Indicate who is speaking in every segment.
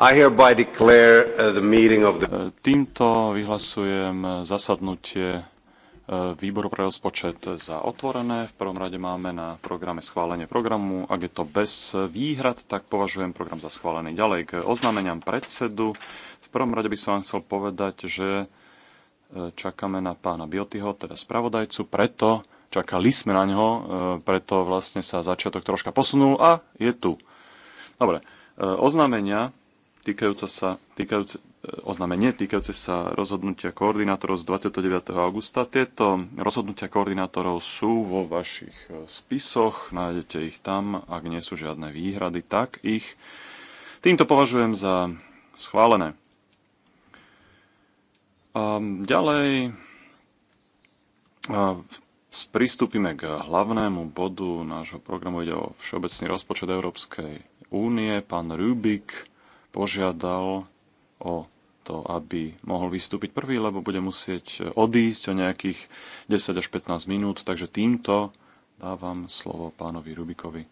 Speaker 1: Uh, e, týmto vyhlasujem e, zasadnutie e, výboru pre rozpočet za otvorené. V prvom rade máme na programe schválenie programu. Ak je to bez výhrad, tak považujem program za schválený. Ďalej k oznámeniam predsedu. V prvom rade by som vám chcel povedať, že čakáme na pána Biotyho, teda spravodajcu, preto čakali sme na neho, preto vlastne sa začiatok troška posunul a je tu. Dobre, oznámenia týkajúca sa, týkajúce, e, oznámenie týkajúce sa rozhodnutia koordinátorov z 29. augusta. Tieto rozhodnutia koordinátorov sú vo vašich e, spisoch, nájdete ich tam, ak nie sú žiadne výhrady, tak ich týmto považujem za schválené. A ďalej a e, pristúpime k hlavnému bodu nášho programu. Ide o Všeobecný rozpočet Európskej únie. Pán Rubik požiadal o to, aby mohol vystúpiť prvý, lebo bude musieť odísť o nejakých 10 až 15 minút. Takže týmto dávam slovo pánovi Rubikovi.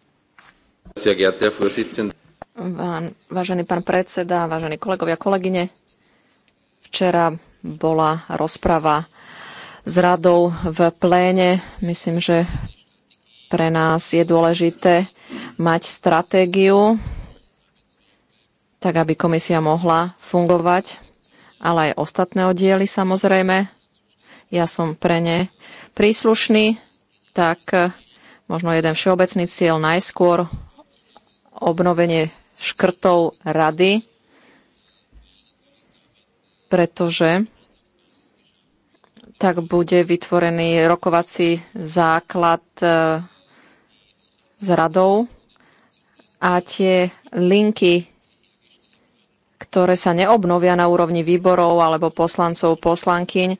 Speaker 2: Vážený pán predseda, vážení kolegovia, kolegyne, včera bola rozprava s radou v pléne. Myslím, že pre nás je dôležité mať stratégiu tak aby komisia mohla fungovať, ale aj ostatné oddiely samozrejme. Ja som pre ne príslušný, tak eh, možno jeden všeobecný cieľ najskôr obnovenie škrtov rady, pretože tak bude vytvorený rokovací základ eh, s radou a tie linky ktoré sa neobnovia na úrovni výborov alebo poslancov, poslankyň. E,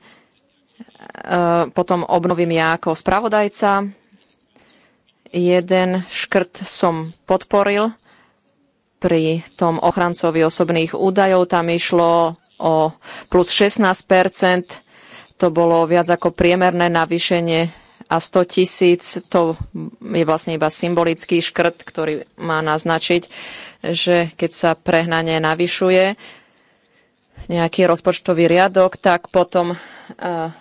Speaker 2: potom obnovím ja ako spravodajca. Jeden škrt som podporil pri tom ochrancovi osobných údajov. Tam išlo o plus 16 to bolo viac ako priemerné navýšenie a 100 tisíc to je vlastne iba symbolický škrt, ktorý má naznačiť, že keď sa prehnanie navyšuje nejaký rozpočtový riadok, tak potom e,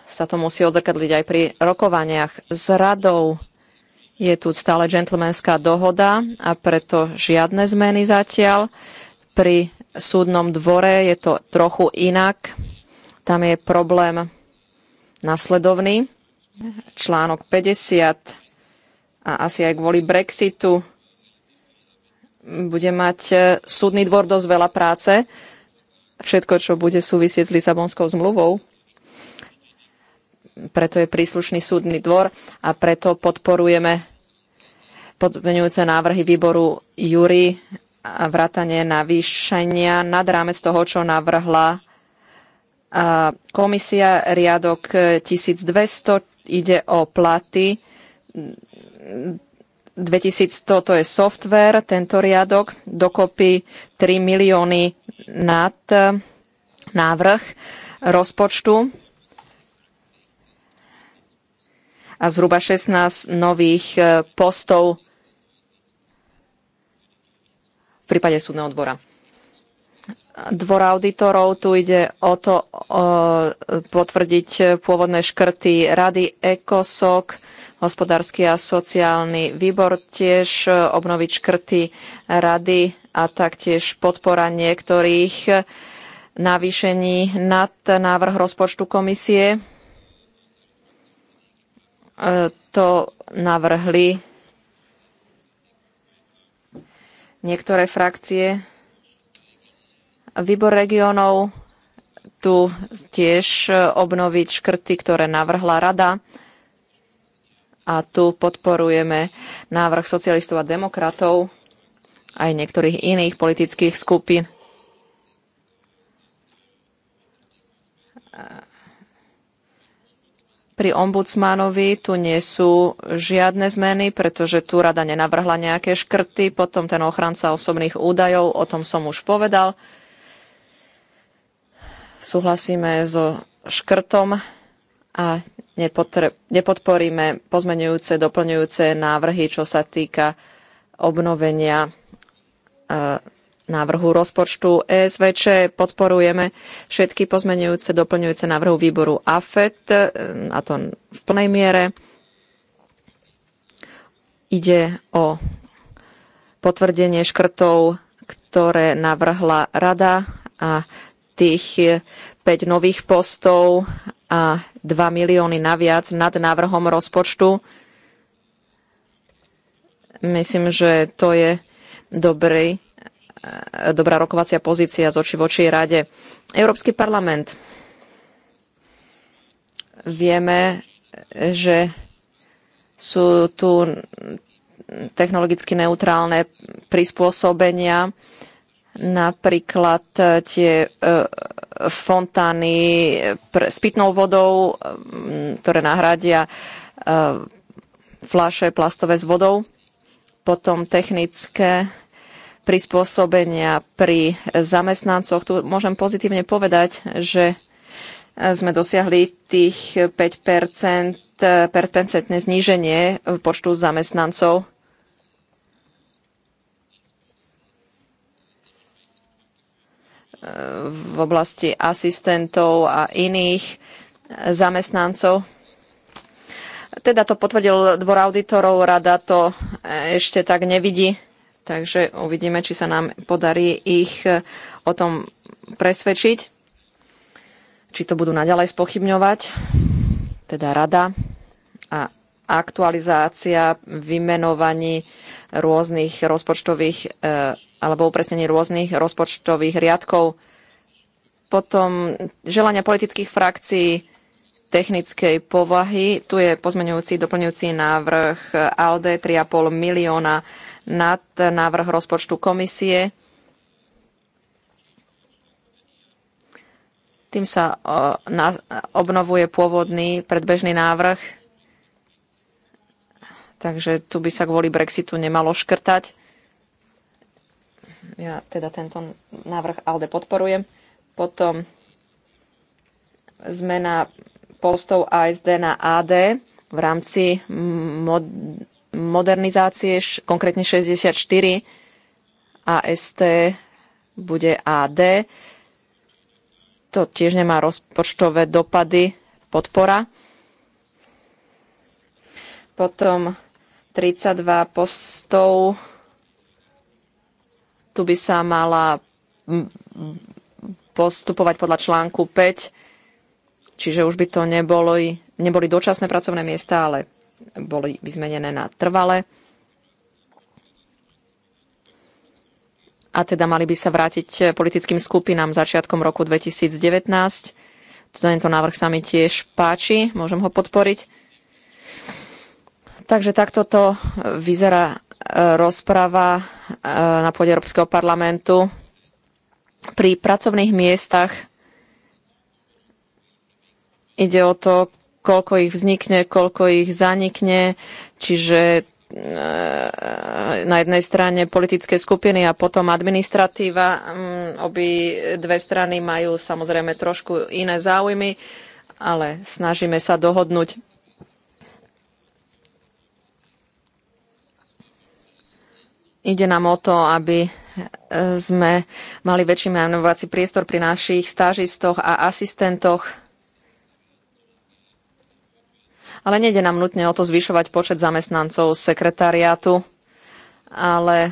Speaker 2: sa to musí odzrkadliť aj pri rokovaniach s radou. Je tu stále džentlmenská dohoda a preto žiadne zmeny zatiaľ. Pri súdnom dvore je to trochu inak. Tam je problém nasledovný. Článok 50 a asi aj kvôli Brexitu bude mať e, súdny dvor dosť veľa práce. Všetko, čo bude súvisieť s Lisabonskou zmluvou. Preto je príslušný súdny dvor a preto podporujeme podmenujúce návrhy výboru Jury a vrátanie navýšenia nad rámec toho, čo navrhla komisia riadok 1200 e, ide o platy 2100 to je software, tento riadok, dokopy 3 milióny nad eh, návrh rozpočtu a zhruba 16 nových eh, postov v prípade súdneho dvora. Dvor auditorov tu ide o to o, eh, potvrdiť pôvodné škrty rady ECOSOC, hospodársky a sociálny výbor tiež obnoviť škrty rady a taktiež podpora niektorých navýšení nad návrh rozpočtu komisie. E, to navrhli niektoré frakcie. Výbor regionov tu tiež obnoviť škrty, ktoré navrhla rada. A tu podporujeme návrh socialistov a demokratov aj niektorých iných politických skupín. Pri ombudsmanovi tu nie sú žiadne zmeny, pretože tu rada nenavrhla nejaké škrty. Potom ten ochranca osobných údajov, o tom som už povedal. Súhlasíme so škrtom a nepodporíme pozmenujúce, doplňujúce návrhy, čo sa týka obnovenia e, návrhu rozpočtu ESVČ. Podporujeme všetky pozmenujúce, doplňujúce návrhu výboru AFET, e, a to v plnej miere. Ide o potvrdenie škrtov, ktoré navrhla rada a tých 5 nových postov a 2 milióny naviac nad návrhom rozpočtu. Myslím, že to je dobrý, e, dobrá rokovacia pozícia z oči voči rade. Európsky parlament. Vieme, že sú tu technologicky neutrálne prispôsobenia Napríklad e, tie e, fontány s pitnou vodou, e, ktoré nahradia fľaše plastové s vodou. Potom technické prispôsobenia pri zamestnancoch. Tu môžem pozitívne povedať, že sme dosiahli tých 5 percentné zníženie počtu zamestnancov v oblasti asistentov a iných zamestnancov. Teda to potvrdil dvor auditorov, rada to ešte tak nevidí, takže uvidíme, či sa nám podarí ich e, o tom presvedčiť, či to budú naďalej spochybňovať, teda rada a aktualizácia, vymenovaní rôznych rozpočtových eh, alebo upresnení rôznych rozpočtových riadkov, potom želania politických frakcií technickej povahy. Tu je pozmeňujúci, doplňujúci návrh ALDE 3,5 milióna nad návrh rozpočtu komisie. Tým sa eh, obnovuje pôvodný predbežný návrh Takže tu by sa kvôli Brexitu nemalo škrtať. Ja teda tento návrh ALDE podporujem. Potom zmena postov ASD na AD v rámci mod modernizácie, konkrétne 64 AST bude AD. To tiež nemá rozpočtové dopady podpora. Potom 32 postov. Tu by sa mala postupovať podľa článku 5, čiže už by to neboli, neboli dočasné pracovné miesta, ale boli vyzmenené na trvale. A teda mali by sa vrátiť politickým skupinám začiatkom roku 2019. Tento návrh sa mi tiež páči, môžem ho podporiť. Takže takto to e, vyzerá e, rozprava e, na pôde Európskeho parlamentu. Pri pracovných miestach ide o to, koľko ich vznikne, koľko ich zanikne, čiže na jednej strane politické skupiny a potom administratíva. Mm, obi dve strany majú samozrejme trošku iné záujmy, ale snažíme sa dohodnúť Ide nám o to, aby e, sme mali väčší manovací priestor pri našich stážistoch a asistentoch. Ale nejde nám nutne o to zvyšovať počet zamestnancov sekretariátu, ale e,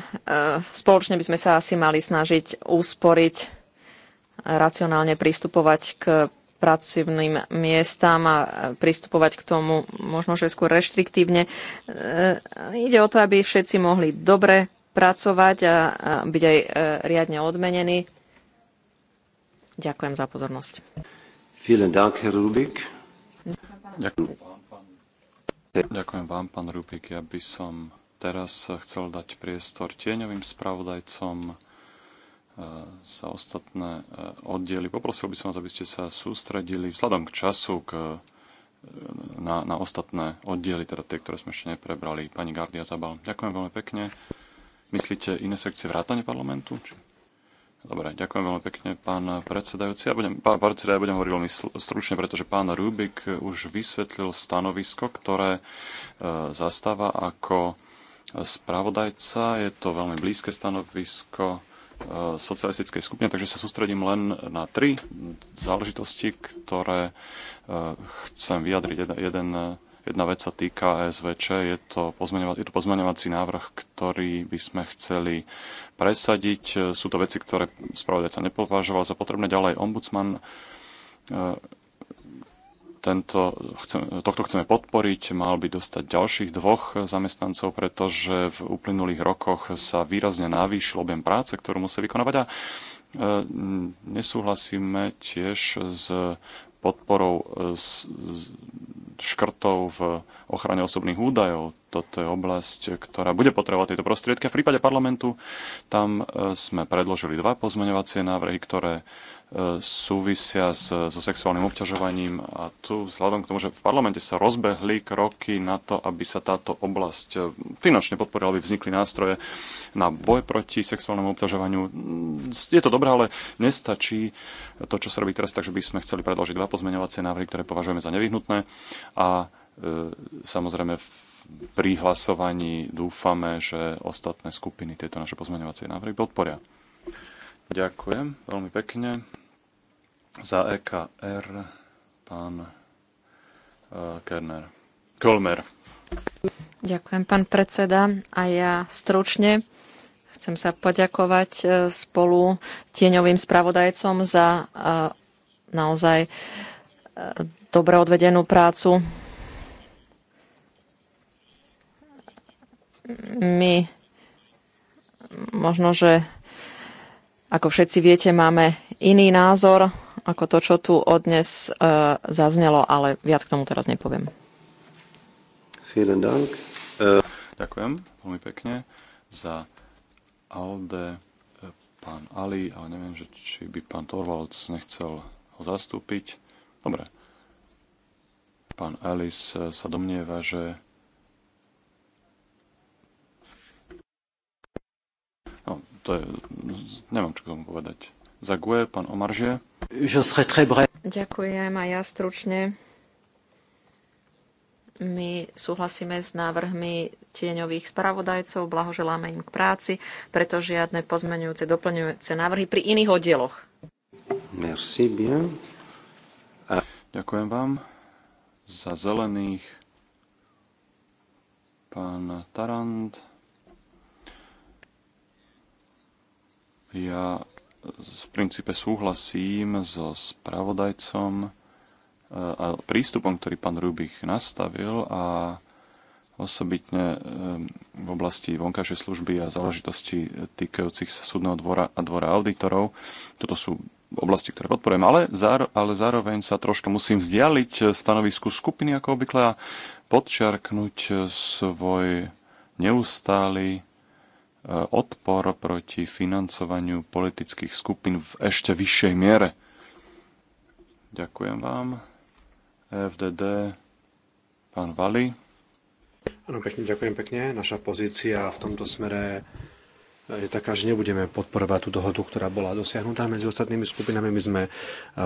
Speaker 2: spoločne by sme sa asi mali snažiť úsporiť, e, racionálne pristupovať k pracovným miestam a pristupovať k tomu možno, že skôr reštriktívne. Ide o to, aby všetci mohli dobre pracovať a, byť aj e, riadne odmenení. Ďakujem za pozornosť.
Speaker 1: Vielen Dank, Herr Rubik. Ďakujem vám, pán, Ďakujem vám, pán Rubik. Ja by som teraz chcel dať priestor tieňovým spravodajcom e, za ostatné e, oddiely. Poprosil by som vás, aby ste sa sústredili vzhľadom k času k, na, na ostatné oddiely, teda tie, ktoré sme ešte neprebrali. Pani Gardia Zabal, ďakujem veľmi pekne. Myslíte iné sekcie vrátane parlamentu? Či... Dobre, ďakujem veľmi pekne, pán predsedajúci. Ja budem, pán predseda, ja budem hovoriť veľmi stručne, pretože pán Rubik už vysvetlil stanovisko, ktoré e, zastáva ako spravodajca. Je to veľmi blízke stanovisko e, socialistickej skupine, takže sa sústredím len na tri záležitosti, ktoré e, chcem vyjadriť. Jeden, Jedna vec sa týka ESVČ, je to, je to pozmeňovací návrh, ktorý by sme chceli presadiť. Sú to veci, ktoré spravodajca nepovažoval za potrebné. Ďalej ombudsman e, tento, chcem, tohto chceme podporiť, mal by dostať ďalších dvoch zamestnancov, pretože v uplynulých rokoch sa výrazne navýšil objem práce, ktorú musí vykonávať a e, nesúhlasíme tiež s podporou e, škrtov v ochrane osobných údajov. Toto je oblasť, ktorá bude potrebovať tieto prostriedky. V prípade parlamentu tam e, sme predložili dva pozmeňovacie návrhy, ktoré súvisia s, so sexuálnym obťažovaním. A tu vzhľadom k tomu, že v parlamente sa rozbehli kroky na to, aby sa táto oblasť e, finančne podporila, aby vznikli nástroje na boj proti sexuálnemu obťažovaniu. Mm, je to dobré, ale nestačí to, čo sa robí teraz, takže by sme chceli predložiť dva pozmeňovacie návrhy, ktoré považujeme za nevyhnutné. A e, samozrejme pri hlasovaní dúfame, že ostatné skupiny tieto naše pozmeňovacie návrhy podporia. Ďakujem veľmi pekne. Za EKR pán e, Kerner. Kolmer.
Speaker 2: Ďakujem, pán predseda. A ja stručne chcem sa poďakovať e, spolu tieňovým spravodajcom za e, naozaj dobre odvedenú prácu. My možno, že ako všetci viete, máme iný názor ako to, čo tu odnes uh, zaznelo, ale viac k tomu teraz nepoviem.
Speaker 1: E, Ďakujem veľmi pekne za Alde e, pán Ali, ale neviem, že či by pán Torvalds nechcel ho zastúpiť. Dobre. Pán Alice sa domnieva, že to je, nemám čo tomu povedať. Za GUE, pán Omaržie.
Speaker 2: Ďakujem aj ja stručne. My súhlasíme s návrhmi tieňových spravodajcov, blahoželáme im k práci, preto žiadne pozmeňujúce, doplňujúce návrhy pri iných oddieloch.
Speaker 3: Merci bien.
Speaker 1: A... Ďakujem vám. Za zelených pán Tarant. Ja v princípe súhlasím so spravodajcom e, a prístupom, ktorý pán Rubich nastavil a osobitne e, v oblasti vonkajšej služby a záležitosti týkajúcich sa súdneho dvora a dvora auditorov. Toto sú oblasti, ktoré podporujem, ale, záro, ale zároveň sa troška musím vzdialiť stanovisku skupiny ako obvykle a podčiarknúť svoj neustály odpor proti financovaniu politických skupín v ešte vyššej miere. Ďakujem
Speaker 3: vám. FDD, pán Vali. Áno, pekne, ďakujem pekne. Naša pozícia v tomto smere je taká, že nebudeme podporovať tú dohodu, ktorá bola dosiahnutá medzi ostatnými skupinami. My sme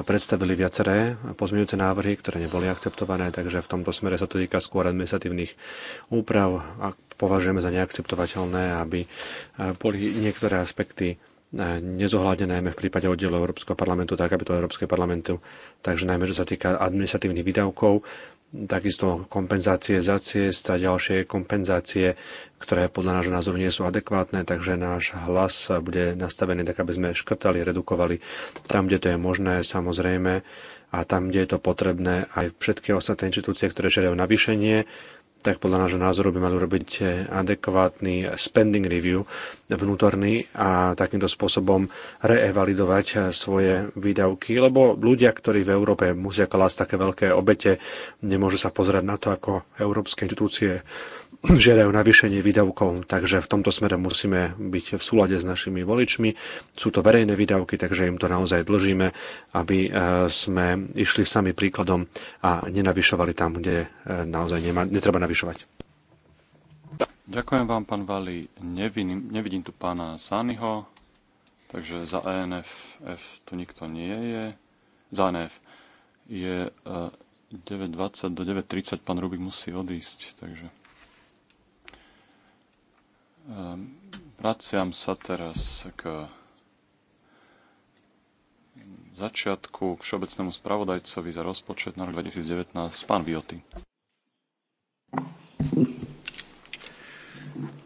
Speaker 3: predstavili viaceré pozmeňujúce návrhy, ktoré neboli akceptované, takže v tomto smere sa to týka skôr administratívnych úprav a považujeme za neakceptovateľné, aby boli niektoré aspekty nezohľadené najmä v prípade oddielu Európskeho parlamentu, tak aby to Európskeho parlamentu, takže najmä čo sa týka administratívnych výdavkov, takisto kompenzácie za ciest a ďalšie kompenzácie, ktoré podľa nášho názoru nie sú adekvátne, takže náš hlas bude nastavený tak, aby sme škrtali, redukovali tam, kde to je možné, samozrejme, a tam, kde je to potrebné, aj všetky ostatné inštitúcie, ktoré žiadajú navýšenie, tak podľa nášho názoru by mali robiť eh, adekvátny spending review vnútorný a takýmto spôsobom reevalidovať eh, svoje výdavky, lebo ľudia, ktorí v Európe musia klásť také veľké obete, nemôžu sa pozerať na to, ako európske inštitúcie žiadajú navýšenie výdavkov, takže v tomto smere musíme byť v súlade s našimi voličmi. Sú to verejné výdavky, takže im to naozaj dlžíme, aby eh, sme išli sami príkladom a nenavyšovali tam, kde eh, naozaj nema, netreba navyšovať.
Speaker 1: Ďakujem vám, pán Vali. Nevidím, nevidím tu pána Sányho, takže za ENF F tu nikto nie je. Za ENF je 9.20 eh, do 9.30, pán Rubik musí odísť, takže... Vraciam sa teraz k začiatku k všeobecnému spravodajcovi za rozpočet na rok 2019, pán Vioty.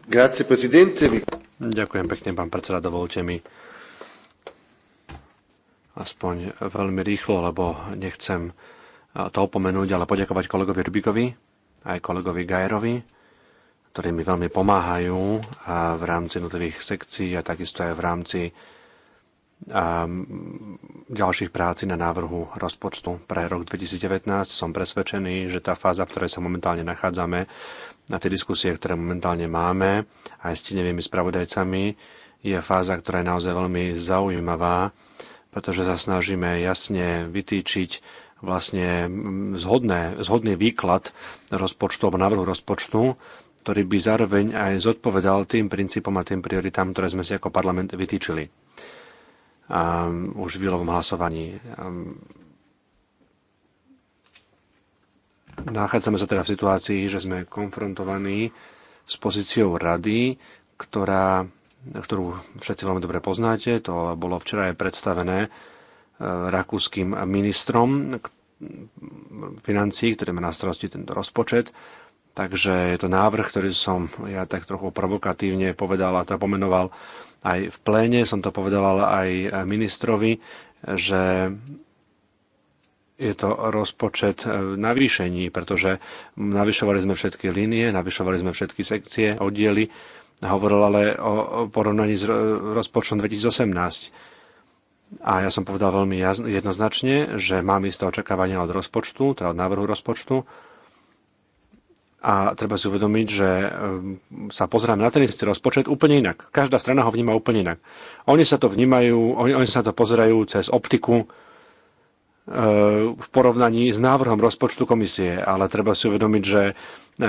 Speaker 3: Grazie, presidente. Ďakujem pekne, pán predseda, dovolte mi aspoň veľmi rýchlo, lebo nechcem to opomenúť, ale poďakovať kolegovi Rubikovi, aj kolegovi Gajerovi, ktoré mi veľmi pomáhajú v rámci jednotlivých sekcií a takisto aj v rámci um, ďalších práci na návrhu rozpočtu pre rok 2019. Som presvedčený, že tá fáza, v ktorej sa momentálne nachádzame, na tie diskusie, ktoré momentálne máme, aj s tenevými spravodajcami, je fáza, ktorá je naozaj veľmi zaujímavá, pretože sa snažíme jasne vytýčiť vlastne zhodné, zhodný výklad rozpočtu alebo návrhu rozpočtu ktorý by zároveň aj zodpovedal tým princípom a tým prioritám, ktoré sme si ako parlament vytýčili už v výlovom hlasovaní. nachádzame sa teda v situácii, že sme konfrontovaní s pozíciou rady, ktorá, ktorú všetci veľmi dobre poznáte. To bolo včera aj predstavené e, rakúskym ministrom financí, ktorý má na starosti tento rozpočet Takže je to návrh, ktorý som ja tak trochu provokatívne povedal a to pomenoval aj v pléne, som to povedal aj ministrovi, že je to rozpočet v navýšení, pretože navyšovali sme všetky línie, navyšovali sme všetky sekcie, oddiely, hovoril ale o porovnaní s rozpočtom 2018. A ja som povedal veľmi jednoznačne, že mám isté očakávania od rozpočtu, teda od návrhu rozpočtu, a treba si uvedomiť, že ehm, sa pozeráme na ten istý rozpočet úplne inak. Každá strana ho vníma úplne inak. Oni sa to vnímajú, oni, oni sa to pozerajú cez optiku ehm, v porovnaní s návrhom rozpočtu komisie, ale treba si uvedomiť, že e,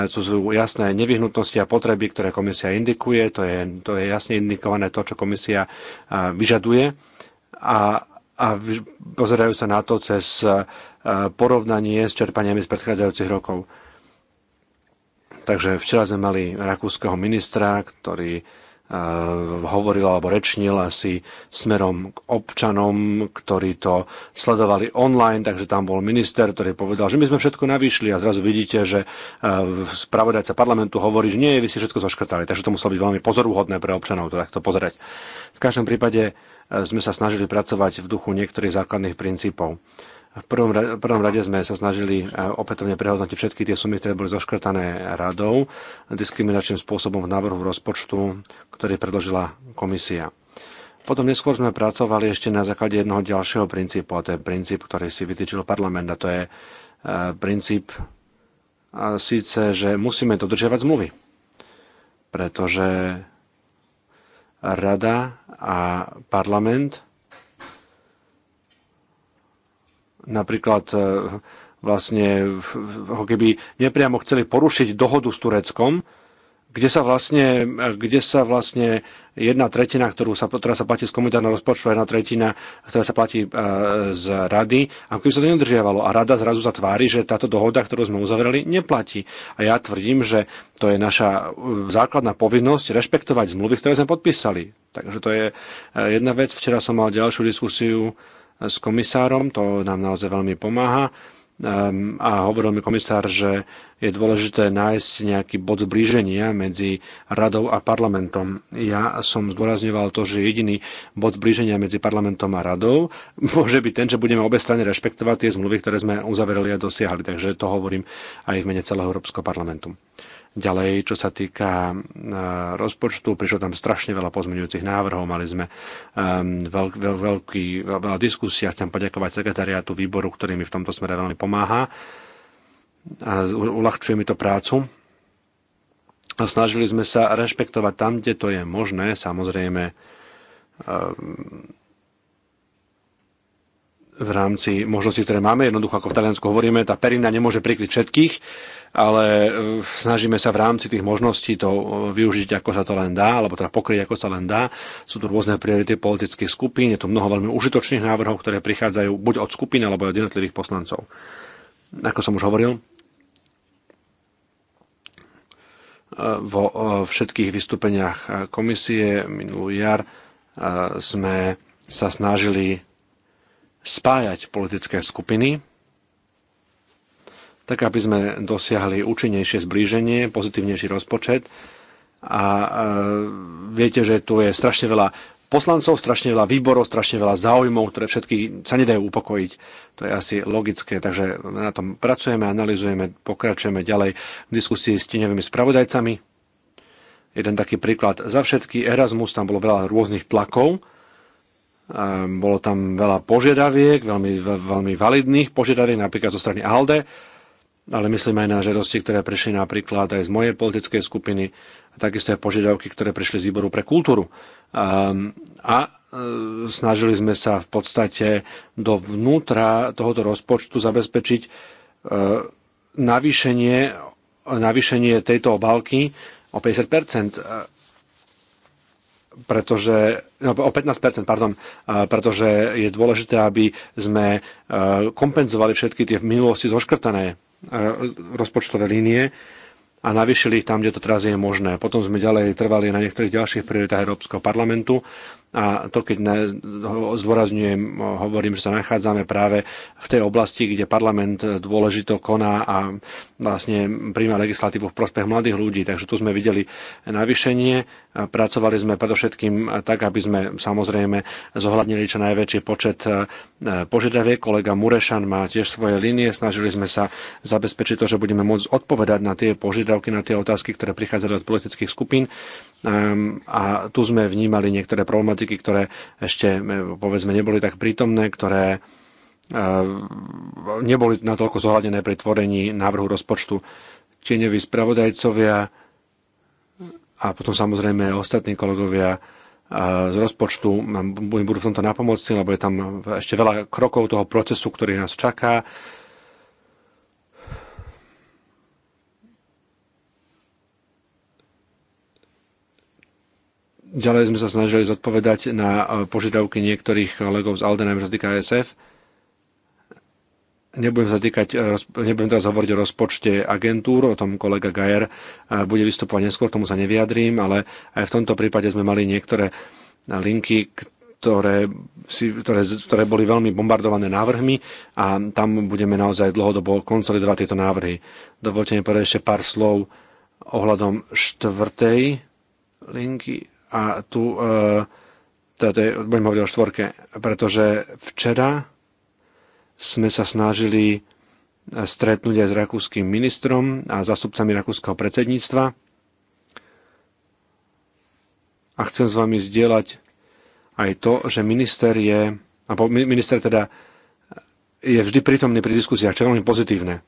Speaker 3: sú jasné nevyhnutnosti a potreby, ktoré komisia indikuje, to je, to je jasne indikované to, čo komisia e, vyžaduje a, a pozerajú sa na to cez e, porovnanie s čerpaniami z predchádzajúcich rokov Takže včera sme mali rakúskeho ministra, ktorý e, hovoril alebo rečnil asi smerom k občanom, ktorí to sledovali online, takže tam bol minister, ktorý povedal, že my sme všetko navýšli a zrazu vidíte, že e, spravodajca parlamentu hovorí, že nie, vy si všetko zoškrtali, takže to muselo byť veľmi pozoruhodné pre občanov to takto pozerať. V každom prípade e, sme sa snažili pracovať v duchu niektorých základných princípov. V prvom, v prvom rade sme sa snažili e, opätovne prehodnotiť všetky tie sumy, ktoré boli zoškrtané radou diskriminačným spôsobom v návrhu rozpočtu, ktorý predložila komisia. Potom neskôr sme pracovali ešte na základe jednoho ďalšieho princípu, a to je princíp, ktorý si vytýčil parlament, a to je e, princíp e, síce, že musíme dodržiavať zmluvy, pretože rada a parlament napríklad e, vlastne ho keby nepriamo chceli porušiť dohodu s Tureckom, kde sa vlastne, e, kde sa vlastne jedna tretina, ktorú sa, ktorá sa platí z komunitárneho rozpočtu, jedna tretina, ktorá sa platí e, z rady, ako keby sa to nedržiavalo. A rada zrazu sa tvári, že táto dohoda, ktorú sme uzavreli, neplatí. A ja tvrdím, že to je naša základná povinnosť rešpektovať zmluvy, ktoré sme podpísali. Takže to je jedna vec. Včera som mal ďalšiu diskusiu s komisárom, to nám naozaj veľmi pomáha. Ehm, a hovoril mi komisár, že je dôležité nájsť nejaký bod zblíženia medzi radou a parlamentom. Ja som zdôrazňoval to, že jediný bod zblíženia medzi parlamentom a radou môže byť ten, že budeme obe strany rešpektovať tie zmluvy, ktoré sme uzavereli a dosiahli. Takže to hovorím aj v mene celého Európskeho parlamentu. Ďalej, čo sa týka e, rozpočtu, prišlo tam strašne veľa pozmeňujúcich návrhov, mali sme ehm, veľk, veľ, veľký, veľa diskusia, chcem poďakovať sekretariátu výboru, ktorý mi v tomto smere veľmi pomáha a uľahčuje mi to prácu. A snažili sme sa rešpektovať tam, kde to je možné, samozrejme ehm, v rámci možností, ktoré máme. Jednoducho, ako v Taliansku hovoríme, tá perina nemôže prikryť všetkých, ale e, snažíme sa v rámci tých možností to e, využiť, ako sa to len dá, alebo teda pokryť, ako sa len dá. Sú tu rôzne priority politických skupín, je tu mnoho veľmi užitočných návrhov, ktoré prichádzajú buď od skupín, alebo od jednotlivých poslancov. Ako som už hovoril, e, vo všetkých vystúpeniach komisie minulý jar sme sa snažili spájať politické skupiny, tak aby sme dosiahli účinnejšie zblíženie, pozitívnejší rozpočet. A e, viete, že tu je strašne veľa poslancov, strašne veľa výborov, strašne veľa záujmov, ktoré všetky sa nedajú upokojiť. To je asi logické, takže na tom pracujeme, analizujeme, pokračujeme ďalej v diskusii s tieňovými spravodajcami. Jeden taký príklad za všetky, Erasmus, tam bolo veľa rôznych tlakov, Ehm, bolo tam veľa požiadaviek, veľmi, veľmi validných požiadaviek, napríklad zo strany ALDE, ale myslím aj na žiadosti, ktoré prišli napríklad aj z mojej politickej skupiny, a takisto aj požiadavky, ktoré prišli z výboru pre kultúru. Ehm, a, a e, snažili sme sa v podstate dovnútra tohoto rozpočtu zabezpečiť e, navýšenie, navýšenie tejto obálky o 50 pretože, no, o 15%, pardon, pretože je dôležité, aby sme kompenzovali všetky tie v minulosti zoškrtané rozpočtové línie a navýšili ich tam, kde to teraz je možné. Potom sme ďalej trvali na niektorých ďalších prioritách Európskeho parlamentu a to, keď ne, zdôrazňujem, hovorím, že sa nachádzame práve v tej oblasti, kde parlament dôležito koná a vlastne príjma legislatívu v prospech mladých ľudí. Takže tu sme videli navýšenie. Pracovali sme predovšetkým tak, aby sme samozrejme zohľadnili čo najväčší počet e, požiadaviek. Kolega Murešan má tiež svoje linie. Snažili sme sa zabezpečiť to, že budeme môcť odpovedať na tie požiadavky, na tie otázky, ktoré prichádzajú od politických skupín Ehm, a tu sme vnímali niektoré problematiky, ktoré ešte e, povedzme neboli tak prítomné, ktoré e, neboli natoľko zohľadené pri tvorení návrhu rozpočtu. Tieňoví spravodajcovia a potom samozrejme ostatní kolegovia e, z rozpočtu budú v tomto napomocní, lebo je tam ešte veľa krokov toho procesu, ktorý nás čaká Ďalej sme sa snažili zodpovedať na e, požiadavky niektorých kolegov z Aldena, čo týka ESF. Nebudem, sa týkať, e, nebudem teraz hovoriť o rozpočte agentúr, o tom kolega Gajer e, bude vystupovať neskôr, tomu sa nevyjadrím, ale aj v tomto prípade sme mali niektoré linky, ktoré, si, ktoré, ktoré boli veľmi bombardované návrhmi a tam budeme naozaj dlhodobo konsolidovať tieto návrhy. Dovolte mi povedať ešte pár slov ohľadom štvrtej linky a tu e, teda to je, budem hovoriť o štvorke, pretože včera sme sa snažili stretnúť aj s rakúskym ministrom a zastupcami rakúskeho predsedníctva a chcem s vami zdieľať aj to, že minister je, a minister teda je vždy prítomný pri diskusiách, čo je veľmi pozitívne.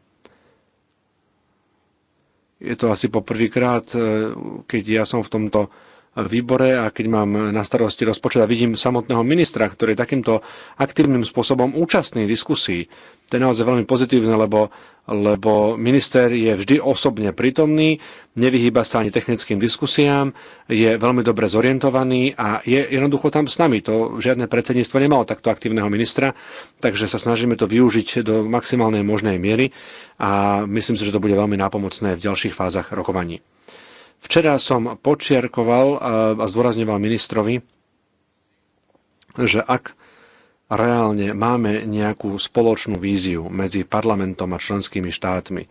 Speaker 3: Je to asi poprvýkrát, e, keď ja som v tomto výbore a keď mám na starosti rozpočet a vidím samotného ministra, ktorý je takýmto aktívnym spôsobom účastný diskusí, to je naozaj veľmi pozitívne, lebo, lebo minister je vždy osobne prítomný, nevyhýba sa ani technickým diskusiám, je veľmi dobre zorientovaný a je jednoducho tam s nami. To žiadne predsedníctvo nemalo takto aktívneho ministra, takže sa snažíme to využiť do maximálnej možnej miery a myslím si, že to bude veľmi nápomocné v ďalších fázach rokovaní. Včera som počiarkoval eh, a zdôrazňoval ministrovi, že ak reálne máme nejakú spoločnú víziu medzi parlamentom a členskými štátmi,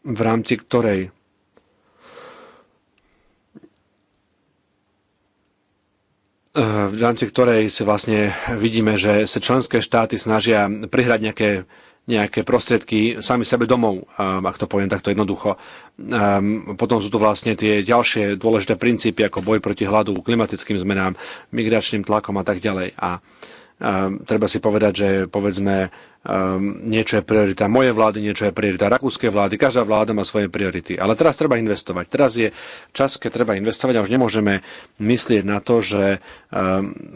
Speaker 3: v rámci ktorej v rámci ktorej si vlastne vidíme, že sa členské štáty snažia prihrať nejaké nejaké prostriedky sami sebe domov, um, ak to poviem takto jednoducho. Um, potom sú tu vlastne tie ďalšie dôležité princípy ako boj proti hladu, klimatickým zmenám, migračným tlakom a tak ďalej. A Ehm, treba si povedať, že povedzme ehm, niečo je priorita mojej vlády, niečo je priorita rakúskej vlády, každá vláda má svoje priority. Ale teraz treba investovať. Teraz je čas, keď treba investovať a už nemôžeme myslieť na to, že ehm,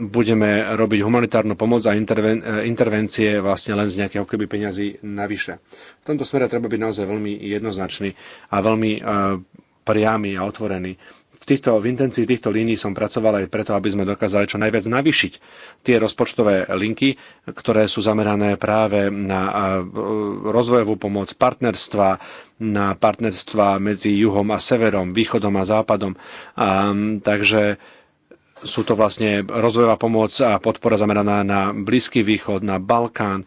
Speaker 3: budeme robiť humanitárnu pomoc a interven- e, intervencie vlastne len z nejakého keby peňazí navyše. V tomto smere treba byť naozaj veľmi jednoznačný a veľmi priamy a otvorený. V, týchto, v intencii týchto línií som pracoval aj preto, aby sme dokázali čo najviac navyšiť tie rozpočtové linky, ktoré sú zamerané práve na rozvojovú pomoc partnerstva, na partnerstva medzi juhom a severom, východom a západom. A, takže sú to vlastne rozvojová pomoc a podpora zameraná na Blízky východ, na Balkán.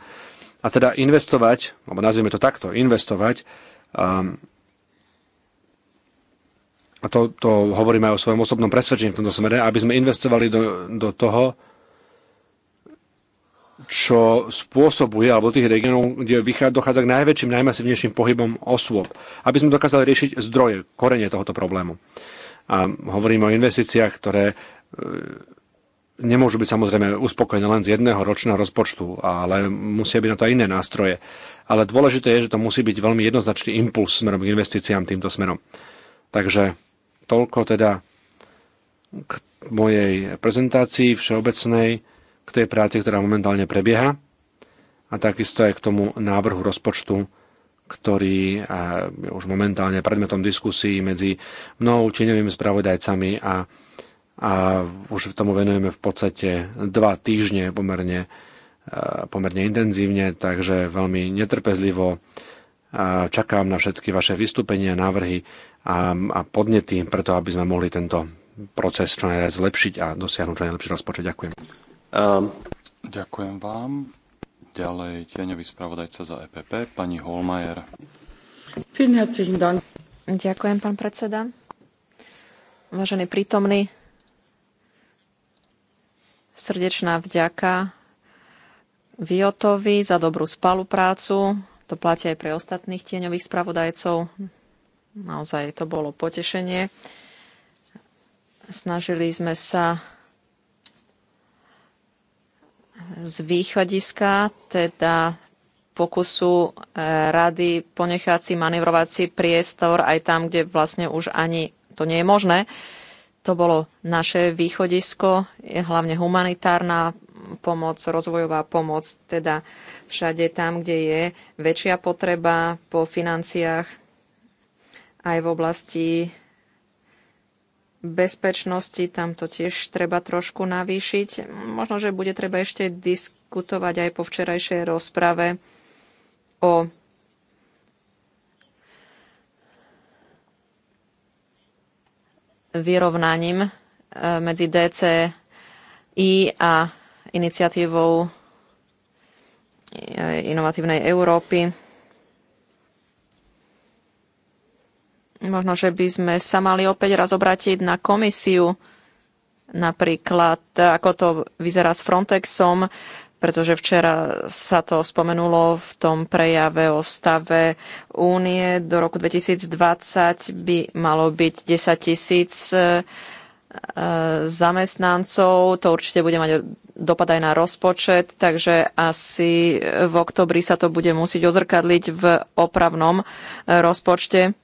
Speaker 3: A teda investovať, alebo nazvime to takto, investovať um, a to, to hovorím aj o svojom osobnom presvedčení v tomto smere, aby sme investovali do, do toho, čo spôsobuje, alebo tých regionov, kde dochádza k najväčším, najmasívnejším pohybom osôb, aby sme dokázali riešiť zdroje, korenie tohoto problému. A hovorím o investíciách, ktoré e, nemôžu byť samozrejme uspokojené len z jedného ročného rozpočtu, ale musia byť na to aj iné nástroje. Ale dôležité je, že to musí byť veľmi jednoznačný impuls smerom k investíciám týmto smerom. Takže Toľko teda k mojej prezentácii všeobecnej, k tej práci, ktorá momentálne prebieha a takisto aj k tomu návrhu rozpočtu, ktorý je už momentálne predmetom diskusí medzi mnou, činovými spravodajcami a, a už tomu venujeme v podstate dva týždne pomerne, pomerne intenzívne, takže veľmi netrpezlivo čakám na všetky vaše vystúpenia, návrhy a, a podnety preto, aby sme mohli tento proces čo najviac zlepšiť a dosiahnuť čo najlepší rozpočet. Ďakujem. Um.
Speaker 1: Ďakujem vám. Ďalej tieňový spravodajca za EPP, pani Holmajer.
Speaker 2: Ďakujem, pán predseda. Vážený prítomný, srdečná vďaka Viotovi za dobrú spoluprácu. To platí aj pre ostatných tieňových spravodajcov. Naozaj to bolo potešenie. Snažili sme sa z východiska, teda pokusu e, rady ponechať si manevrovací priestor aj tam, kde vlastne už ani to nie je možné. To bolo naše východisko, je hlavne humanitárna pomoc, rozvojová pomoc, teda všade tam, kde je väčšia potreba po financiách aj v oblasti bezpečnosti, tam to tiež treba trošku navýšiť. Možno, že bude treba ešte diskutovať aj po včerajšej rozprave o vyrovnaním e, medzi DCI a iniciatívou e, inovatívnej Európy. Možno, že by sme sa mali opäť raz obrátiť na komisiu, napríklad ako to vyzerá s Frontexom, pretože včera sa to spomenulo v tom prejave o stave únie. Do roku 2020 by malo byť 10 tisíc e, zamestnancov. To určite bude mať dopad aj na rozpočet, takže asi v oktobri sa to bude musieť ozrkadliť v opravnom e, rozpočte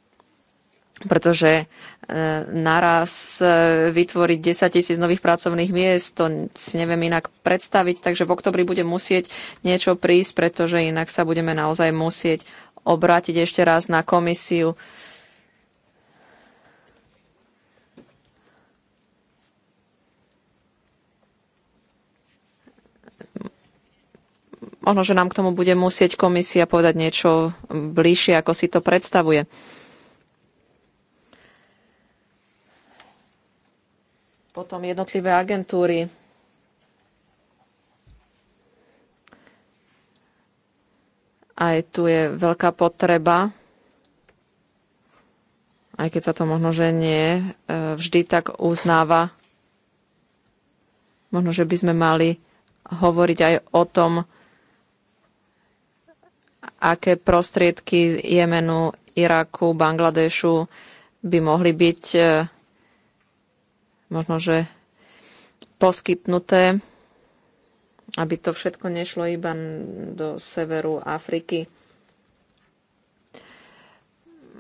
Speaker 2: pretože e, naraz e, vytvoriť 10 tisíc nových pracovných miest, to si neviem inak predstaviť, takže v oktobri bude musieť niečo prísť, pretože inak sa budeme naozaj musieť obrátiť ešte raz na komisiu. Možno, že nám k tomu bude musieť komisia povedať niečo bližšie, ako si to predstavuje. potom jednotlivé agentúry. Aj tu je veľká potreba, aj keď sa to možno, že nie e, vždy tak uznáva. Možno, že by sme mali hovoriť aj o tom, aké prostriedky z Jemenu, Iraku, Bangladešu by mohli byť e, možno, že poskytnuté, aby to všetko nešlo iba do severu Afriky.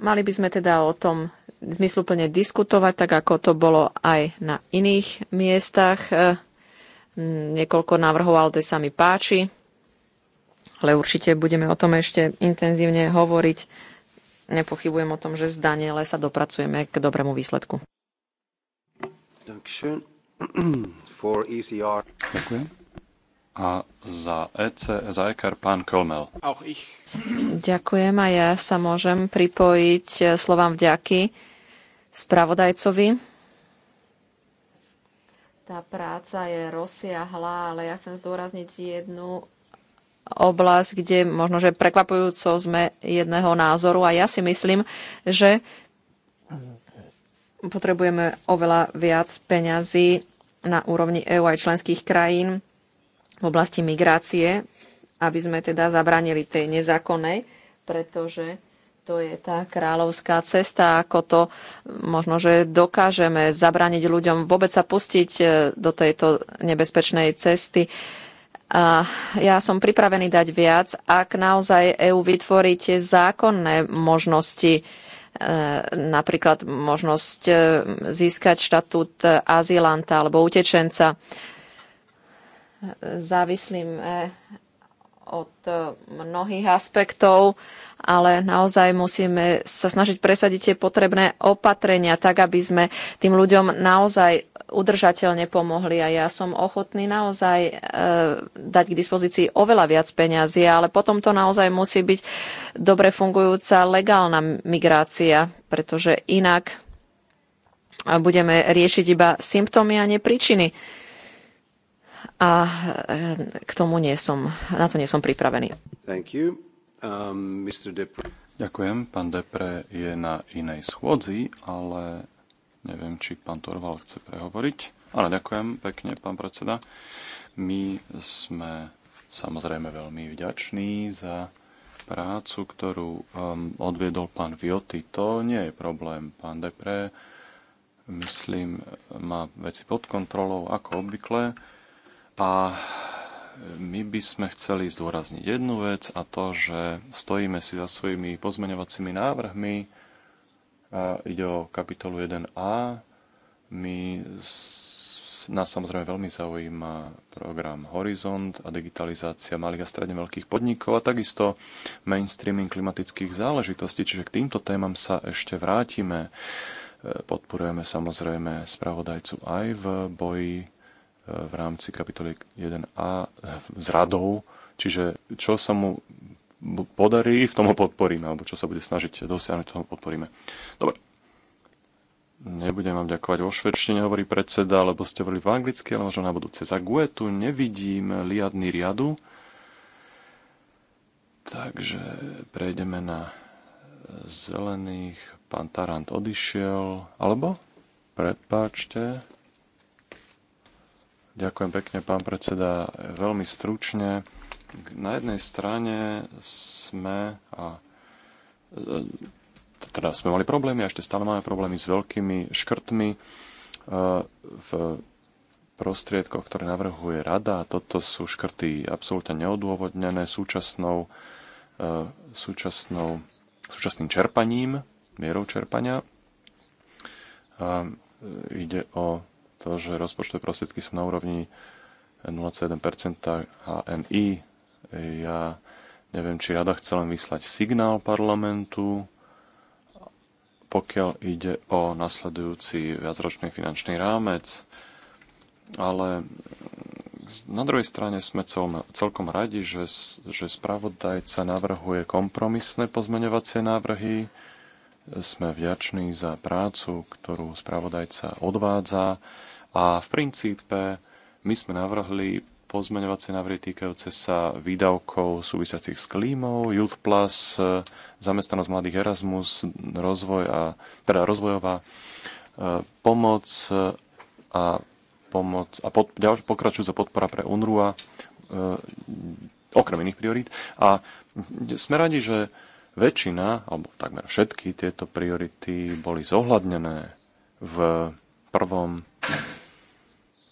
Speaker 2: Mali by sme teda o tom zmysluplne diskutovať, tak ako to bolo aj na iných miestach. E, niekoľko návrhov, ale to sa mi páči. Ale určite budeme o tom ešte intenzívne hovoriť. Nepochybujem o tom, že z Daniele sa dopracujeme k dobrému výsledku.
Speaker 1: E Ďakujem. A za, EC, za EKR pán Kolmel.
Speaker 2: Ďakujem a ja sa môžem pripojiť e, slovám vďaky spravodajcovi. Tá práca je rozsiahla, ale ja chcem zdôrazniť jednu oblasť, kde možno, že prekvapujúco sme jedného názoru a ja si myslím, že potrebujeme oveľa viac peňazí na úrovni EÚ aj členských krajín v oblasti migrácie, aby sme teda zabranili tej nezákonnej, pretože to je tá kráľovská cesta, ako to možno, že dokážeme zabrániť ľuďom vôbec sa pustiť e, do tejto nebezpečnej cesty. A ja som pripravený dať viac, ak naozaj EÚ vytvorí tie zákonné možnosti E, napríklad možnosť e, získať štatút azylanta alebo utečenca e, závislým od mnohých aspektov, ale naozaj musíme sa snažiť presadiť tie potrebné opatrenia, tak aby sme tým ľuďom naozaj udržateľne pomohli a ja som ochotný naozaj e, dať k dispozícii oveľa viac peňazí, ale potom to naozaj musí byť dobre fungujúca legálna migrácia, pretože inak budeme riešiť iba symptómy a nie príčiny. A e, k tomu nie som, na to nie som pripravený.
Speaker 1: Thank you. Um, Mr. Ďakujem. Pán Depre je na inej schôdzi, ale Neviem, či pán Torval chce prehovoriť, ale ďakujem pekne, pán predseda. My sme samozrejme veľmi vďační za prácu, ktorú um, odviedol pán Vioty. To nie je problém, pán Depre. Myslím, má veci pod kontrolou, ako obvykle. A my by sme chceli zdôrazniť jednu vec a to, že stojíme si za svojimi pozmeňovacími návrhmi, Ide o kapitolu 1a. My, nás samozrejme veľmi zaujíma program Horizont a digitalizácia malých a stredne veľkých podnikov a takisto mainstreaming klimatických záležitostí. Čiže k týmto témam sa ešte vrátime. E, podporujeme samozrejme spravodajcu aj v boji e, v rámci kapitoly 1a e, s radou, Čiže čo sa mu podarí, v tom ho podporíme, alebo čo sa bude snažiť dosiahnuť, toho podporíme. Dobre. Nebudem vám ďakovať vo švedštine, hovorí predseda, lebo ste hovorili v anglicky, ale možno na budúce. Za Guetu nevidím liadný riadu, takže prejdeme na zelených. Pán Tarant odišiel, alebo? Prepáčte. Ďakujem pekne, pán predseda. Veľmi stručne. Na jednej strane sme a e, teda sme mali problémy a ešte stále máme problémy s veľkými škrtmi e, v prostriedkoch, ktoré navrhuje rada. Toto sú škrty absolútne neodôvodnené súčasnou, e, súčasnou, súčasným čerpaním, mierou čerpania. A ide o to, že rozpočtové prostriedky sú na úrovni 0,7 HMI, ja neviem, či rada chce len vyslať signál parlamentu, pokiaľ ide o nasledujúci viacročný finančný rámec, ale na druhej strane sme celkom radi, že, že spravodajca navrhuje kompromisné pozmeňovacie návrhy. Sme vďační za prácu, ktorú spravodajca odvádza a v princípe my sme navrhli pozmeňovacie návrhy týkajúce sa výdavkov súvisiacich s klímou, Youth Plus, e, zamestnanosť mladých Erasmus, rozvoj a, teda rozvojová e, pomoc e, a pomoc a pod, ďalš, pokračujúca podpora pre UNRUA, okrem iných priorít. A sme radi, že väčšina, alebo takmer všetky tieto priority boli zohľadnené v prvom